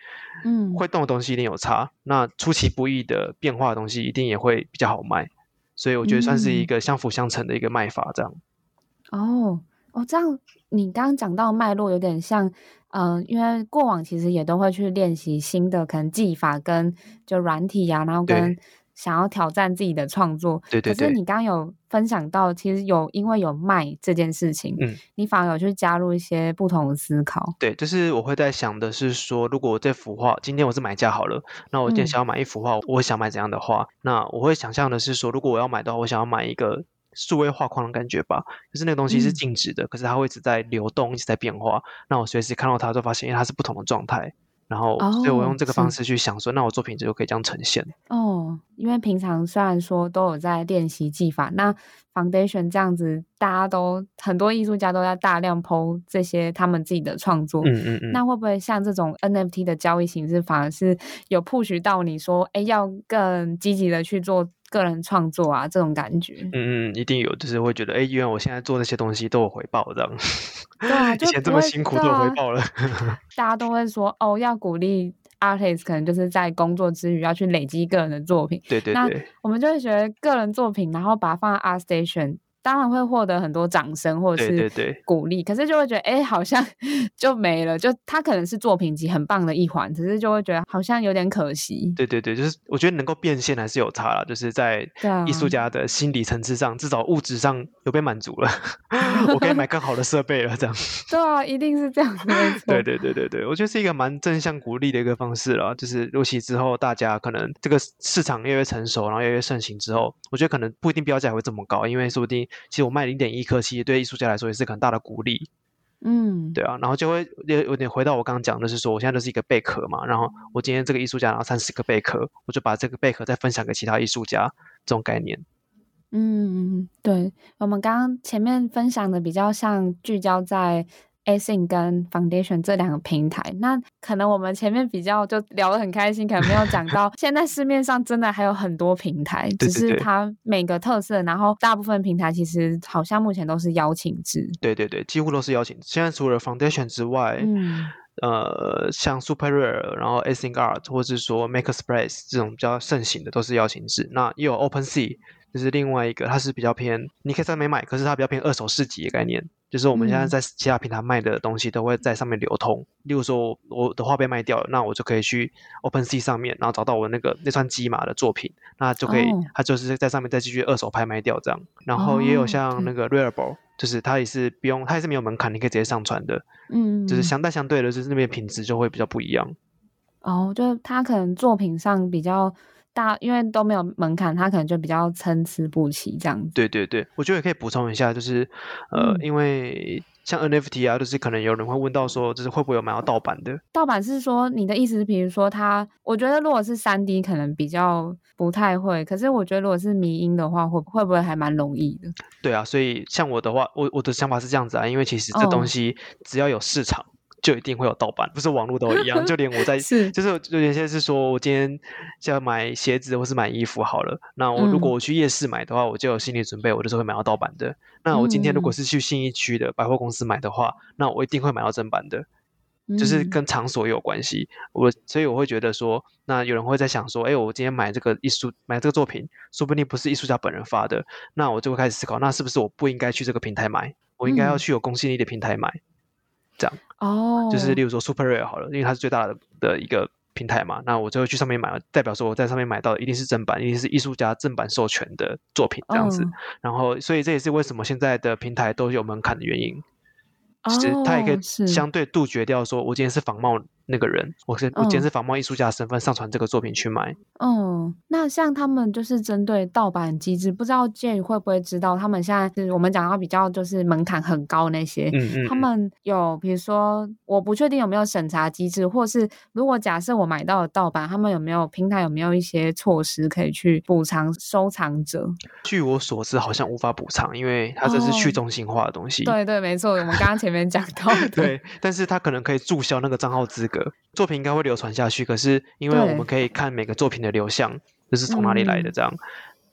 嗯，會動的東西一定有差，嗯、那出其不意的變化的東西一定也會比較好賣，所以我覺得算是一個相輔相成的一個賣法這樣。嗯、哦。哦，這樣你剛剛講到脈絡有點像，嗯、呃，因為過往其實也都會去練習新的可能技法跟就軟體呀、啊，然後跟想要挑戰自己的創作。對，對對對。可是你剛剛有分享到，其實有因為有賣這件事情，嗯，你反而有去加入一些不同的思考。對，就是我會在想的是說，如果這幅畫今天我是買家好了，那我今天想要買一幅畫，嗯、我會想買怎樣的畫？那我會想象的是說，如果我要買的話，我想要買一個。數位畫框的感覺吧，就是那個東西是靜止的，嗯、可是它會一直在流動，一直在變化。那我隨時看到它，就發現因為它是不同的狀態。然後，哦、所以我用這個方式去想說，是那我作品就可以這樣呈現。哦，因為平常雖然說都有在練習技法，那 Foundation 這樣子，大家都很多藝術家都在大量 po 這些他們自己的創作。嗯嗯嗯。那會不會像這種 NFT 的交易形式，反而是有 push 到你說，哎、欸，要更積極的去做？個人創作啊，這種感覺，嗯嗯，一定有，就是會覺得，哎、欸，原來我現在做那些東西都有回報，這樣，啊、這樣以前這麼辛苦都有回報了。大家都會說，哦，要鼓勵 artist，可能就是在工作之餘要去累積個人的作品。對對對，我們就會覺得個人作品，然後把它放在 art station。當然會獲得很多掌聲或者是鼓勵，對對對，可是就會覺得哎，好像就沒了。就他可能是作品集很棒的一環，只是就會覺得好像有點可惜。對對對，就是我覺得能夠變現還是有差了，就是在藝術家的心理層次上，啊、至少物質上有被滿足了。 我可以買更好的設備了，這樣。 對啊，一定是這樣子。 對對對對對，我覺得是一個蠻正向鼓勵的一個方式了。就是入戲之後，大家可能這個市場越來越成熟，然後越來越盛行之後，我覺得可能不一定標價會這麼高，因為說不定。其實我賣零點一顆，其實對藝術家來說也是很大的鼓勵，嗯，對啊，然後就會有有點回到我剛剛講的是說，我現在就是一個貝殼嘛，然後我今天這個藝術家，拿三十個貝殼，我就把這個貝殼再分享給其他藝術家，這種概念，嗯，對，我們剛剛前面分享的比較像聚焦在。Async 跟 Foundation 這兩個平台，那可能我們前面比較就聊得很開心， 可能沒有講到現在市面上真的還有很多平台，對對對，只是它每個特色。然後大部分平台其實好像目前都是邀請制。對對對，幾乎都是邀請。現在除了 Foundation 之外，嗯、呃，像 SuperRare，然後 Async Art，或者是說 MakersPlace 這種比較盛行的都是邀請制。那又有 Open Sea，就是另外一個，它是比較偏你可以在沒買，可是它比較偏二手市集的概念。就是我們現在在其他平台賣的東西，都會在上面流通。嗯、例如說我的畫被賣掉了，那我就可以去 OpenSea 上面，然後找到我那個那串機碼的作品，那就可以，它、哦、就是在上面再繼續二手拍賣掉這樣。然後也有像那個 Rarible 就是它也是不用，它也是沒有門檻，你可以直接上傳的。嗯，就是相但相對的，就是那邊品質就會比較不一樣。哦，就是它可能作品上比較。大，因為都沒有門檻，他可能就比較參差不齊這樣子。對對對，我覺得也可以補充一下，就是，呃，嗯。因為像 NFT 啊，就是可能有人會問到說，就是會不會有買到盜版的？盜版是說你的意思是，比如說他，我覺得如果是 3D 可能比較不太會，可是我覺得如果是迷因的話，會會不會還蠻容易的？對啊，所以像我的話，我我的想法是這樣子啊，因為其實這東西只要有市場。哦就一定會有盜版，不是網絡都一樣，就連我在。 是就是有點像是說我今天就要買鞋子或是買衣服好了，那我如果我去夜市買的話，嗯、我就有心理準備，我就是會買到盜版的。那我今天如果是去信義區的百貨公司買的話，那我一定會買到正版的，就是跟場所也有關係。嗯、我所以我會覺得說，那有人會在想說，哎、欸，我今天買這個藝術買這個作品，說不定不是藝術家本人發的，那我就會開始思考，那是不是我不應該去這個平台買，我應該要去有公信力的平台買，嗯、這樣。哦，oh. 就是例如說 SuperRare 好了，因為它是最大的的一個平台嘛，那我就會去上面買了，代表說我在上面買到的一定是正版，一定是藝術家正版授權的作品這樣子。Oh. 然後，所以這也是為什麼現在的平台都有門檻的原因。其實它也可以相對杜絕掉說，我今天是仿冒那個人，我，我今天是我堅持仿冒藝術家的身份上傳這個作品去賣。哦、嗯嗯，那像他們就是針對盜版機制，不知道建宇會不會知道？他們現在是我們講到比較就是門檻很高那些，嗯、他們有比如說，我不確定有沒有審查機制，或是如果假設我買到了盜版，他們有沒有平台有沒有一些措施可以去補償收藏者？據我所知，好像無法補償，因為他這是去中心化的東西。哦。對對，沒錯，我們剛剛前面講到的。 對，但是他可能可以注銷那個賬號資格。作品應該會流傳下去，可是因為我們可以看每個作品的流向，這對是從哪裡來的這樣。嗯、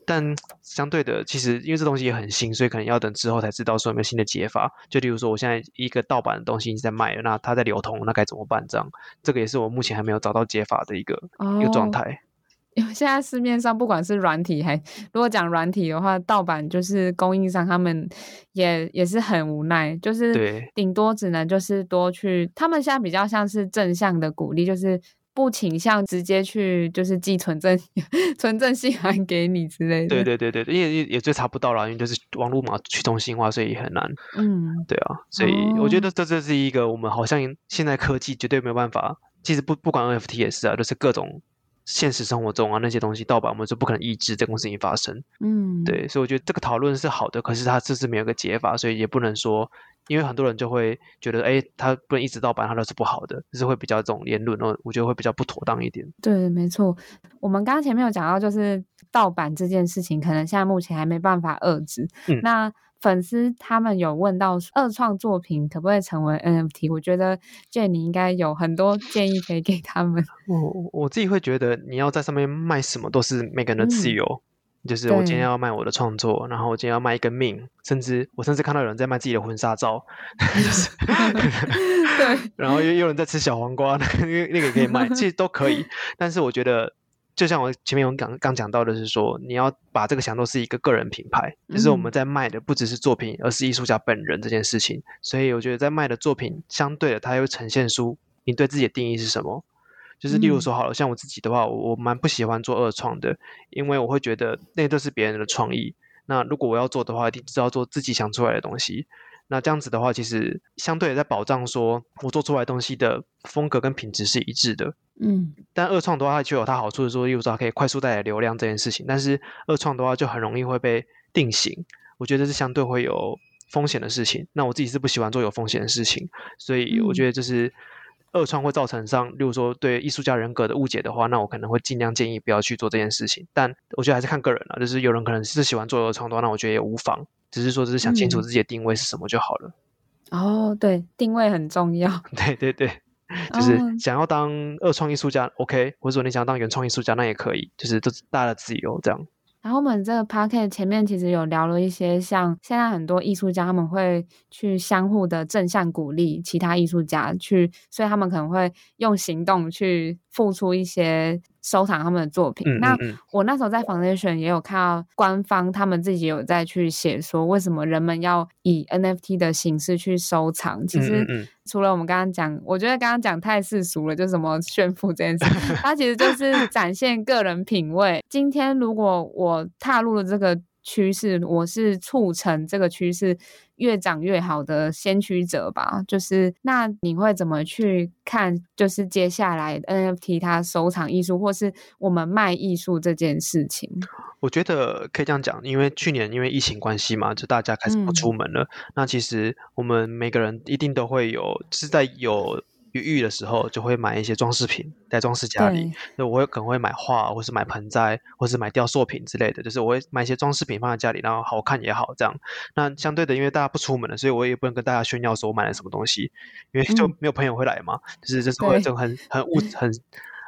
但相對的，其實因為這東西也很新，所以可能要等之後才知道說有沒有新的解法。就例如說，我現在一個盜版的東西已經在賣了，那它在流通，那該怎麼辦？這樣，這個也是我目前還沒有找到解法的一個、哦、一個狀態。因為現在市面上不管是軟體還，如果講軟體的話，盜版就是供應商他們也也是很無奈，就是頂多只能就是多去，對他們現在比較像是正向的鼓勵，就是不傾向直接去就是寄存證、存證信函給你之類的。對對對對，也也也追查不到了，因為就是網絡嘛，去中心化，所以也很難。嗯，對啊，所以我覺得這這是一個我們好像現在科技絕對沒有辦法，其實不不管 NFT 也是啊，就是各種。現實生活中啊，那些東西盜版，我們是不可能抑制這件事情發生。嗯，對，所以我覺得這個討論是好的，可是它這是沒有個解法，所以也不能說，因為很多人就會覺得，誒，欸，它不能一直盜版，它都是不好的，就是會比較這種言論，我覺得會比較不妥當一點。對，沒錯，我們剛剛前面有講到，就是盜版這件事情，可能現在目前還沒辦法遏制。嗯，那。粉絲他們有問到二創作品可不可以成為 NFT，我覺得 Jie 你應該有很多建議可以給他們。我我自己會覺得，你要在上面賣什麼都是每個人的自由。嗯、就是我今天要賣我的創作，對然後我今天要賣一個命，甚至我甚至看到有人在賣自己的婚紗照，對，然後又有人在吃小黃瓜，那 那個可以賣，其實都可以。 但是我覺得。就像我前面我剛剛講到的，是說你要把這個想做是一個個人品牌，就、嗯、是我們在賣的不只是作品，而是藝術家本人這件事情。所以我覺得在賣的作品，相對的，它又呈現出你對自己的定義是什麼？就是例如說，好了，嗯、像我自己的話我，我蠻不喜歡做二創的，因為我會覺得那都是別人的創意。那如果我要做的話，一定知要做自己想出來的東西。那這樣子的話，其實相對的在保障說我做出來的東西的風格跟品質是一致的。嗯，但二創的話，它就有它好處，說例如說它可以快速帶來流量這件事情。但是二創的話，就很容易會被定型，我覺得這是相對會有風險的事情。那我自己是不喜歡做有風險的事情，所以我覺得就是二創會造成上，嗯、例如說對藝術家人格的誤解的話，那我可能會盡量建議不要去做這件事情。但我覺得還是看個人了、啊，就是有人可能是喜歡做二創的話，那我覺得也無妨，只是說是想清楚自己的定位是什麼就好了。嗯、哦，對，定位很重要。對對對。對對就是想要當二創藝術家，嗯，OK，或者你想要當原創藝術家，那也可以，就是都大家的自由這樣。然後我們這個 podcast 前面其實有聊了一些，像現在很多藝術家他們會去相互的正向鼓勵其他藝術家去，所以他們可能會用行動去付出一些。收藏他們的作品。嗯嗯嗯。那我那時候在 Foundation 也有看到官方他們自己有在去寫說，為什麼人們要以 NFT 的形式去收藏？嗯嗯嗯。其實除了我們剛剛講，我覺得剛剛講太世俗了，就什麼炫富這件事。 它其實就是展現個人品味。 今天如果我踏入了這個。趨勢，我是促成這個趨勢越長越好的先驅者吧。就是，那你會怎麼去看？就是接下來 NFT 它收藏藝術，或是我們賣藝術這件事情？我覺得可以這樣講，因為去年因為疫情關係嘛，就大家開始不出門了。嗯、那其實我們每個人一定都會有是在有。有餘的時候，就會買一些裝飾品在裝飾家裡。那對我也可能會買畫，或是買盆栽，或是買雕塑品之類的。就是我會買一些裝飾品放在家裡，然後好看也好這樣。那相對的，因為大家不出門了，所以我也不能跟大家炫耀說我買了什麼東西，因為就沒有朋友會來嘛。嗯、就是這是種很，對很物很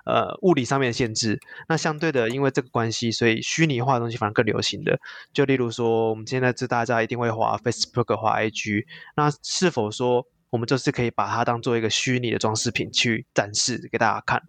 呃物理上面的限制。嗯、那相對的，因為這個關係，所以虛擬化的東西反而更流行的。就例如說，我們現在這大家一定會滑 Facebook、滑 IG，那是否說？我們就是可以把它當做一個虛擬的裝飾品去展示給大家看，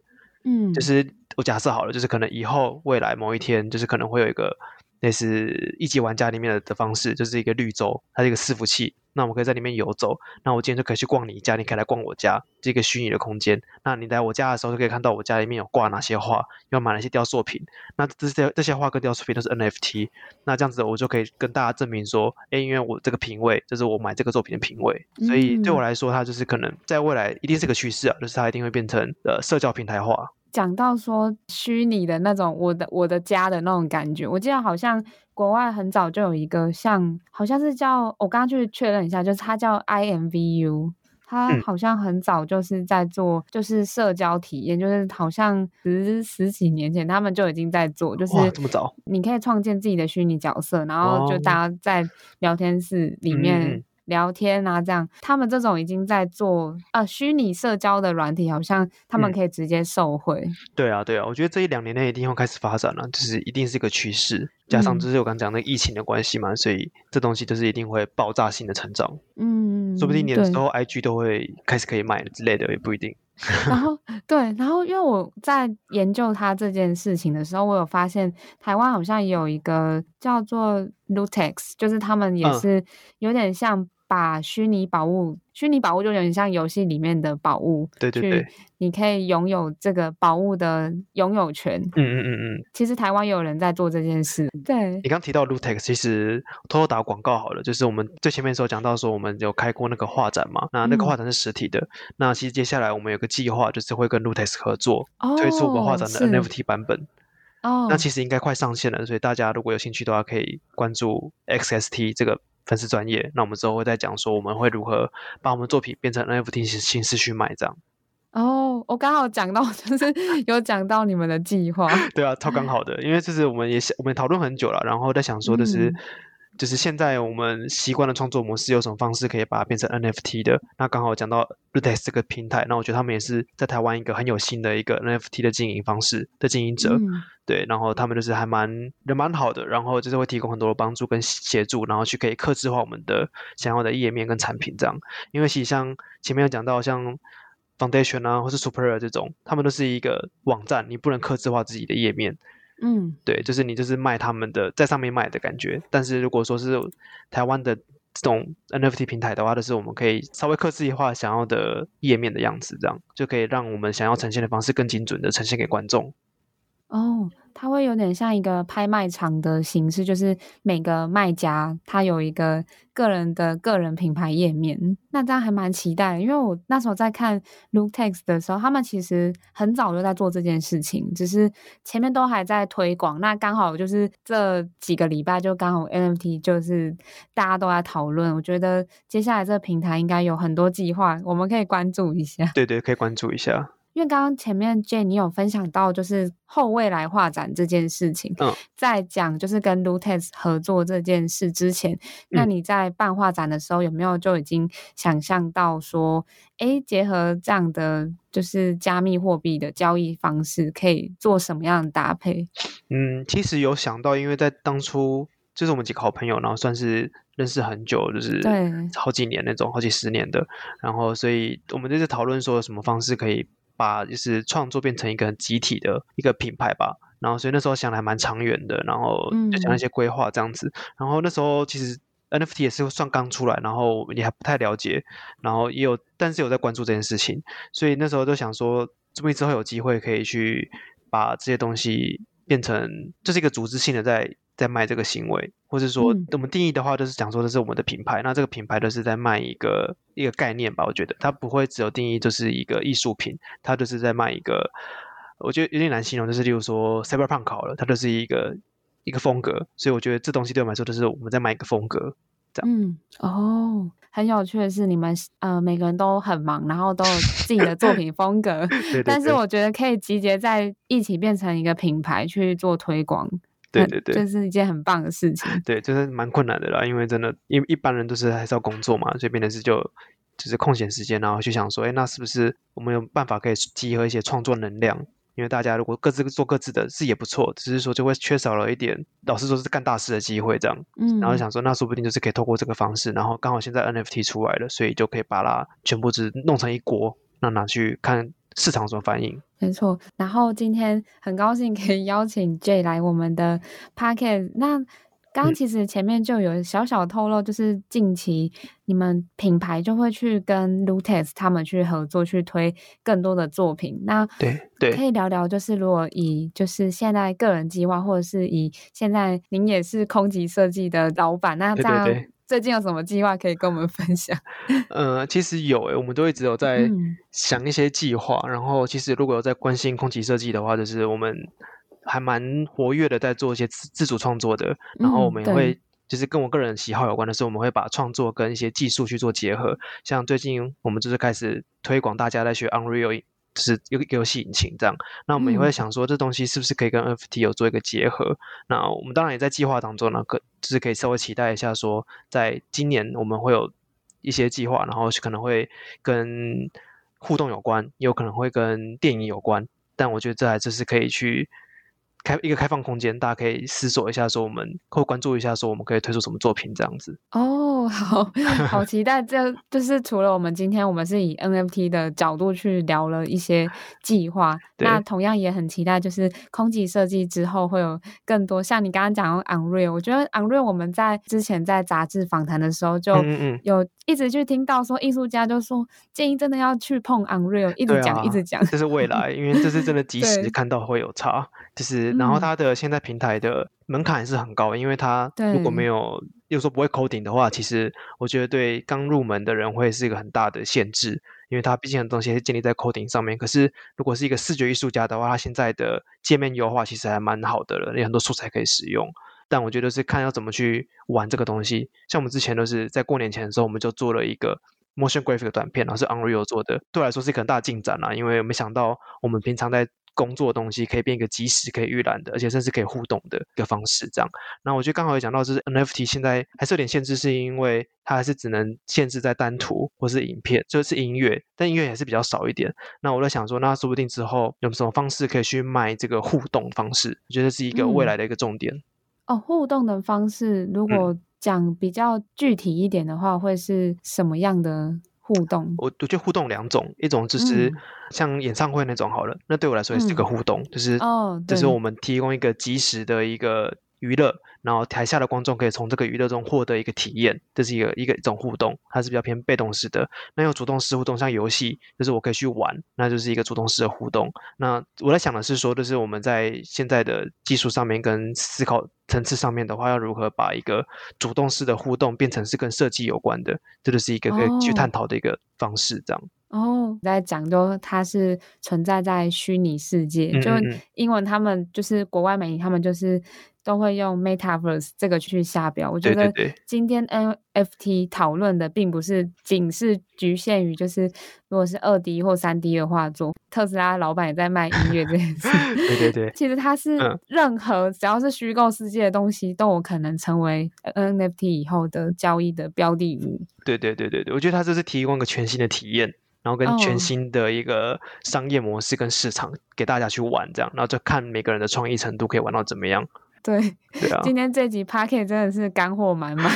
嗯，就是我假設好了，就是可能以後未來某一天，就是可能會有一個。那是一級玩家裡面的的方式，就是一個綠洲，它是一個伺服器。那我們可以在裡面遊走。那我今天就可以去逛你家，你可以來逛我家，這個虛擬的空間。那你來我家的時候就可以看到我家裡面有掛哪些畫，又買了些雕塑品。那這些這些畫跟雕塑品都是 NFT。那這樣子我就可以跟大家證明說，哎、欸，因為我這個品味，這、就是我買這個作品的品味。所以對我來說，它就是可能在未來一定是個趨勢啊，就是它一定會變成呃社交平台化。講到說虛擬的那種，我的我的家的那種感覺，我記得好像國外很早就有一個像，好像是叫，我剛剛去確認一下，就是它叫 IMVU，它好像很早就是在做，就是社交體驗，嗯、就是好像十十幾年前他們就已經在做，就是這麼早，你可以創建自己的虛擬角色，然後就大家在聊天室裡面。嗯聊天啊，這樣他們這種已經在做啊、呃，虛擬社交的軟體，好像他們可以直接受賄、嗯。對啊，對啊，我覺得這一兩年內一定會開始發展了、啊，就是一定是一個趨勢。加上就是我剛講那疫情的關係嘛，嗯、所以這東西就是一定會爆炸性的成長。嗯，說不定你有時候 IG 都會開始可以賣之類的，也不一定。對 然後對，然後因為我在研究它這件事情的時候，我有發現台灣好像有一個叫做 Lutex，就是他們也是有點像。把虛擬寶物，虛擬寶物就有點像遊戲裡面的寶物，對對對，你可以擁有這個寶物的擁有權。嗯嗯嗯嗯。其實台灣也有人在做這件事。對，你剛提到 Lootex 其實偷偷打個廣告好了，就是我們最前面的時候講到說，我們有開過那個畫展嘛？嗯、那那個畫展是實體的。那其實接下來我們有個計劃，就是會跟 Lootex 合作，推出、哦、我們畫展的 NFT 版本。哦。那其實應該快上線了，所以大家如果有興趣的話，可以關注 XST 這個。粉絲專業，那我們之後會再講說，我們會如何把我們作品變成 NFT 形式去賣，這樣。哦，oh, 我剛好講到，就是有講到你們的計劃。 對啊，超剛好的，因為就是我們也想，我們討論很久了，然後在想說的、就是。嗯就是現在我們習慣的創作模式，有什麼方式可以把它變成 NFT 的？那剛好講到 Redex 這個平台，那我覺得他們也是在台灣一個很有心的一個 NFT 的經營方式的經營者。嗯、對，然後他們就是還蠻人蠻好的，然後就是會提供很多的幫助跟協助，然後去可以客製化我們的想要的頁面跟產品這樣。因為其實像前面有講到像 Foundation 啊，或是 Super 這種，他們都是一個網站，你不能客製化自己的頁面。嗯，對，就是你就是賣他們的，在上面賣的感覺。但是如果說是台灣的這種 NFT 平台的話，就是我們可以稍微客製化想要的頁面的樣子，這樣就可以讓我們想要呈現的方式更精準的呈現給觀眾。哦，oh, 它會有點像一個拍賣場的形式，就是每個賣家他有一個個人的個人品牌頁面。那這樣還蠻期待，因為我那時候在看 Lootex 的時候，他們其實很早就在做這件事情，只是前面都還在推廣。那剛好就是這幾個禮拜就剛好 NFT 就是大家都在討論，我覺得接下來這個平台應該有很多計劃，我們可以關注一下。對對，可以關注一下。因為剛剛前面 Jie 你有分享到，就是後未來畫展這件事情，嗯、在講就是跟 Lutex 合作這件事之前，嗯、那你在辦畫展的時候有沒有就已經想象到說，哎，結合這樣的就是加密貨幣的交易方式，可以做什麼樣的搭配？嗯，其實有想到，因為在當初就是我們幾個好朋友，然後算是認識很久，就是對好幾年那種，對好幾十年的，然後所以我們這次討論說，什麼方式可以。把就是創作變成一個集體的一個品牌吧，然後所以那時候想的還蠻長遠的，然後就講一些規劃這樣子，嗯、然後那時候其實 NFT 也是算剛出來，然後也還不太了解，然後也有但是有在關注這件事情，所以那時候就想說，說不定之後有機會可以去把這些東西變成，這、就是一個組織性的在。在賣這個行為，或者說，我們定義的話，就是講說這是我們的品牌。嗯、那這個品牌就是在賣一個一個概念吧？我覺得它不會只有定義就是一個藝術品，它就是在賣一個。我覺得有點難形容，就是例如說 Cyberpunk 好了，它就是一個一個風格。所以我覺得這東西對我們來說，就是我們在賣一個風格。這樣。嗯哦，很有趣的是，你們呃每個人都很忙，然後都有自己的作品風格。 對，對，對，對。但是我覺得可以集結在一起，變成一個品牌去做推廣。對對對，這是一件很棒的事情。對，就是蠻困難的啦，因為真的，因為一般人都是還是要工作嘛，所以變成是就就是空閒時間，然後就想說，哎、欸，那是不是我們有辦法可以集合一些創作能量？因為大家如果各自做各自的，事也不錯，只是說就會缺少了一點，老實說是幹大事的機會這樣。嗯，然後想說，嗯、那說不定就是可以透過這個方式，然後剛好現在 NFT 出來了，所以就可以把它全部只弄成一鍋，那拿去看。市場所反應？沒錯，然後今天很高興可以邀請 J 來我們的 Podcast。那剛剛其實前面就有小小的透露，就是近期你們品牌就會去跟 Lootex 他們去合作，去推更多的作品。那對對，可以聊聊，就是如果以就是現在個人計劃，或者是以現在您也是空集設計的老板，那這樣對對對。最近有什麼計劃可以跟我們分享？呃，其實有誒、欸，我們都一直有在想一些計劃。嗯、然後，其實如果有在關心空集設計的話，就是我們還蠻活躍的，在做一些自自主創作的。然後，我們也會、嗯、就是跟我個人喜好有關的時候，我們會把創作跟一些技術去做結合。像最近，我們就是開始推廣大家在學 Unreal。就是遊遊戲引擎這樣，那我們也會想說，這東西是不是可以跟 NFT 有做一個結合？嗯、那我們當然也在計劃當中呢，可就是可以稍微期待一下，說在今年我們會有一些計劃，然後可能會跟互動有關，有可能會跟電影有關。但我覺得這還就是可以去。開一個開放空間，大家可以思索一下，說我們或關注一下，說我們可以推出什麼作品這樣子。哦、oh，好好期待。 這就是除了我們今天，我們是以 NFT 的角度去聊了一些計劃。對那同樣也很期待，就是空集設計之後會有更多。像你剛剛講到 Unreal，我覺得 Unreal 我們在之前在雜誌訪談的時候就嗯嗯有一直去聽到說，藝術家就說建議真的要去碰 Unreal，一直講、哎、呀一直講。這是未來， 因為這是真的，即時看到會有差。就是，然後它的現在平台的門檻也是很高，嗯、對，因為它如果沒有又說不會 coding 的話，其實我覺得對剛入門的人會是一個很大的限制，因為它畢竟很多東西是建立在 coding 上面。可是如果是一個視覺藝術家的話，它現在的界面優化其實還蠻好的了，有很多素材可以使用。但我覺得是看要怎麼去玩這個東西。像我們之前都是在過年前的時候，我們就做了一個 motion graphic 的短片，然後是 Unreal 做的，對我來說是一個很大的進展啦，因為沒想到我們平常在工作的東西可以變一個即時可以預覽的，而且甚至可以互動的一個方式。這樣，那我就剛好也講到，就是 NFT 現在還是有點限制，是因為它還是只能限制在單圖或是影片，就是音樂，但音樂也是比較少一點。那我在想說，那說不定之後有，有什麼方式可以去賣這個互動方式，我覺得是一個未來的一個重點。嗯、哦，互動的方式，如果講、嗯、比較具體一點的話，會是什麼樣的？互動，我我覺得互動兩種，一種就是像演唱會那種好了，嗯、那對我來說也是一個互動，嗯、就是、哦、就是我們提供一個即時的一個娛樂，然後台下的觀眾可以從這個娛樂中獲得一個體驗，這是一個一個一種互動，它是比較偏被動式的。那有主動式互動，像遊戲，就是我可以去玩，那就是一個主動式的互動。那我在想的是說，就是我們在現在的技術上面跟思考層次上面的話，要如何把一個主動式的互動變成是跟設計有關的，這就是一個可以去探討的一個方式，這樣。Oh. 然後、oh, 在講，就它是存在在虛擬世界，嗯嗯嗯。就英文他們就是國外媒體，他們就是都會用 metaverse 這個去下標。對對對。我覺得今天 NFT 討論的並不是僅是局限於就是如果是二 D 或三 D 的畫作，特斯拉老板也在賣音樂這件事。 對對對， 其實它是任何只要是虛構世界的東西都有可能成為 NFT 以後的交易的標的物。對對對對對，我覺得它這是提供一個全新的體驗。然後跟全新的一個商業模式跟市場給大家去玩這樣，oh. 然後就看每個人的創意程度可以玩到怎麼樣。對，對啊。今天這集 Podcast 真的是乾貨蠻滿滿，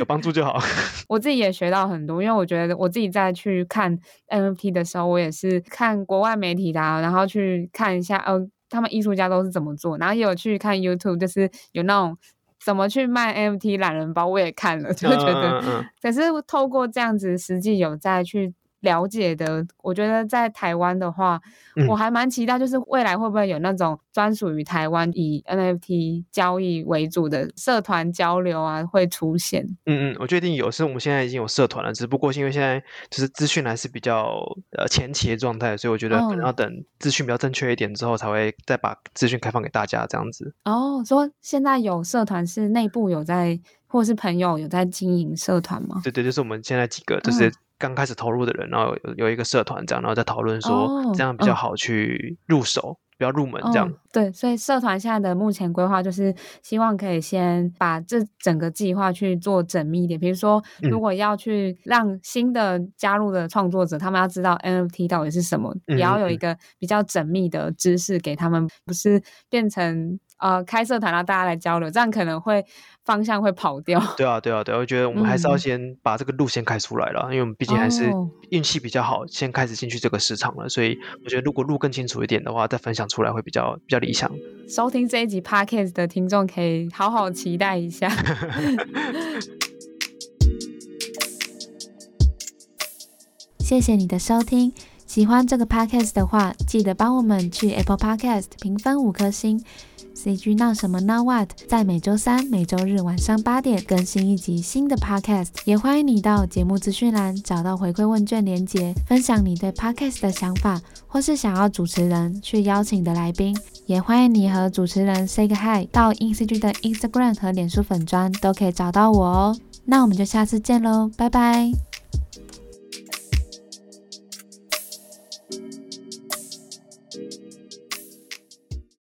有幫助就好。 我自己也學到很多，因為我覺得我自己在去看 NFT 的時候，我也是看國外媒體的、啊，然後去看一下、呃、他們藝術家都是怎麼做，然後也有去看 YouTube，就是有那種。怎麼去賣 NFT 懶人包？我也看了，就覺得，uh, uh, uh. 可是透過這樣子，實際有在去。了解的，我覺得在台灣的話，嗯、我還蠻期待，就是未來會不會有那種專屬於台灣以 NFT 交易為主的社團交流啊，會出現？嗯嗯，我確定有，是我們現在已經有社團了，只不過是因為現在就是資訊還是比較呃前期的狀態，所以我覺得可能要等資訊比較正確一點之後，才會再把資訊開放給大家這樣子。哦，說現在有社團是內部有在。或者是朋友有在經營社團嗎？對對，就是我們現在幾個，就是剛開始投入的人，嗯、然後有有一個社團這樣，然後在討論說這樣比較好去入手，哦、比較入門這樣、哦。對，所以社團現在的目前規劃就是希望可以先把這整個計劃去做縝密一點。比如說，如果要去讓新的加入的創作者，嗯、他們要知道 NFT 到底是什麼，嗯、也要有一個比較縝密的知識給他們，嗯嗯、不是變成。啊、呃，開社團讓大家來交流，這樣可能會方向會跑掉。對啊，對啊，對啊，我覺得我們還是要先把這個路先開出來了，嗯、因為我們畢竟還是運氣比較好，哦、先開始進去這個市場了。所以我覺得，如果路更清楚一點的話，再分享出來會比較比較理想。收聽這一集 Podcast 的聽眾可以好好期待一下。 謝謝你的收聽，喜歡這個 Podcast 的話，記得幫我們去 Apple Podcast 評分五顆星。C G 鬧什麼呢？w h a t 在每周三、每周日晚上八點更新一集新的 Podcast，也歡迎你到節目資訊欄找到回饋問卷連結，分享你對 Podcast 的想法，或是想要主持人去邀請的來賓，也歡迎你和主持人 Say 個 Hi。到 In C G 的 Instagram 和臉書粉專都可以找到我哦。那我們就下次見嘍，拜拜。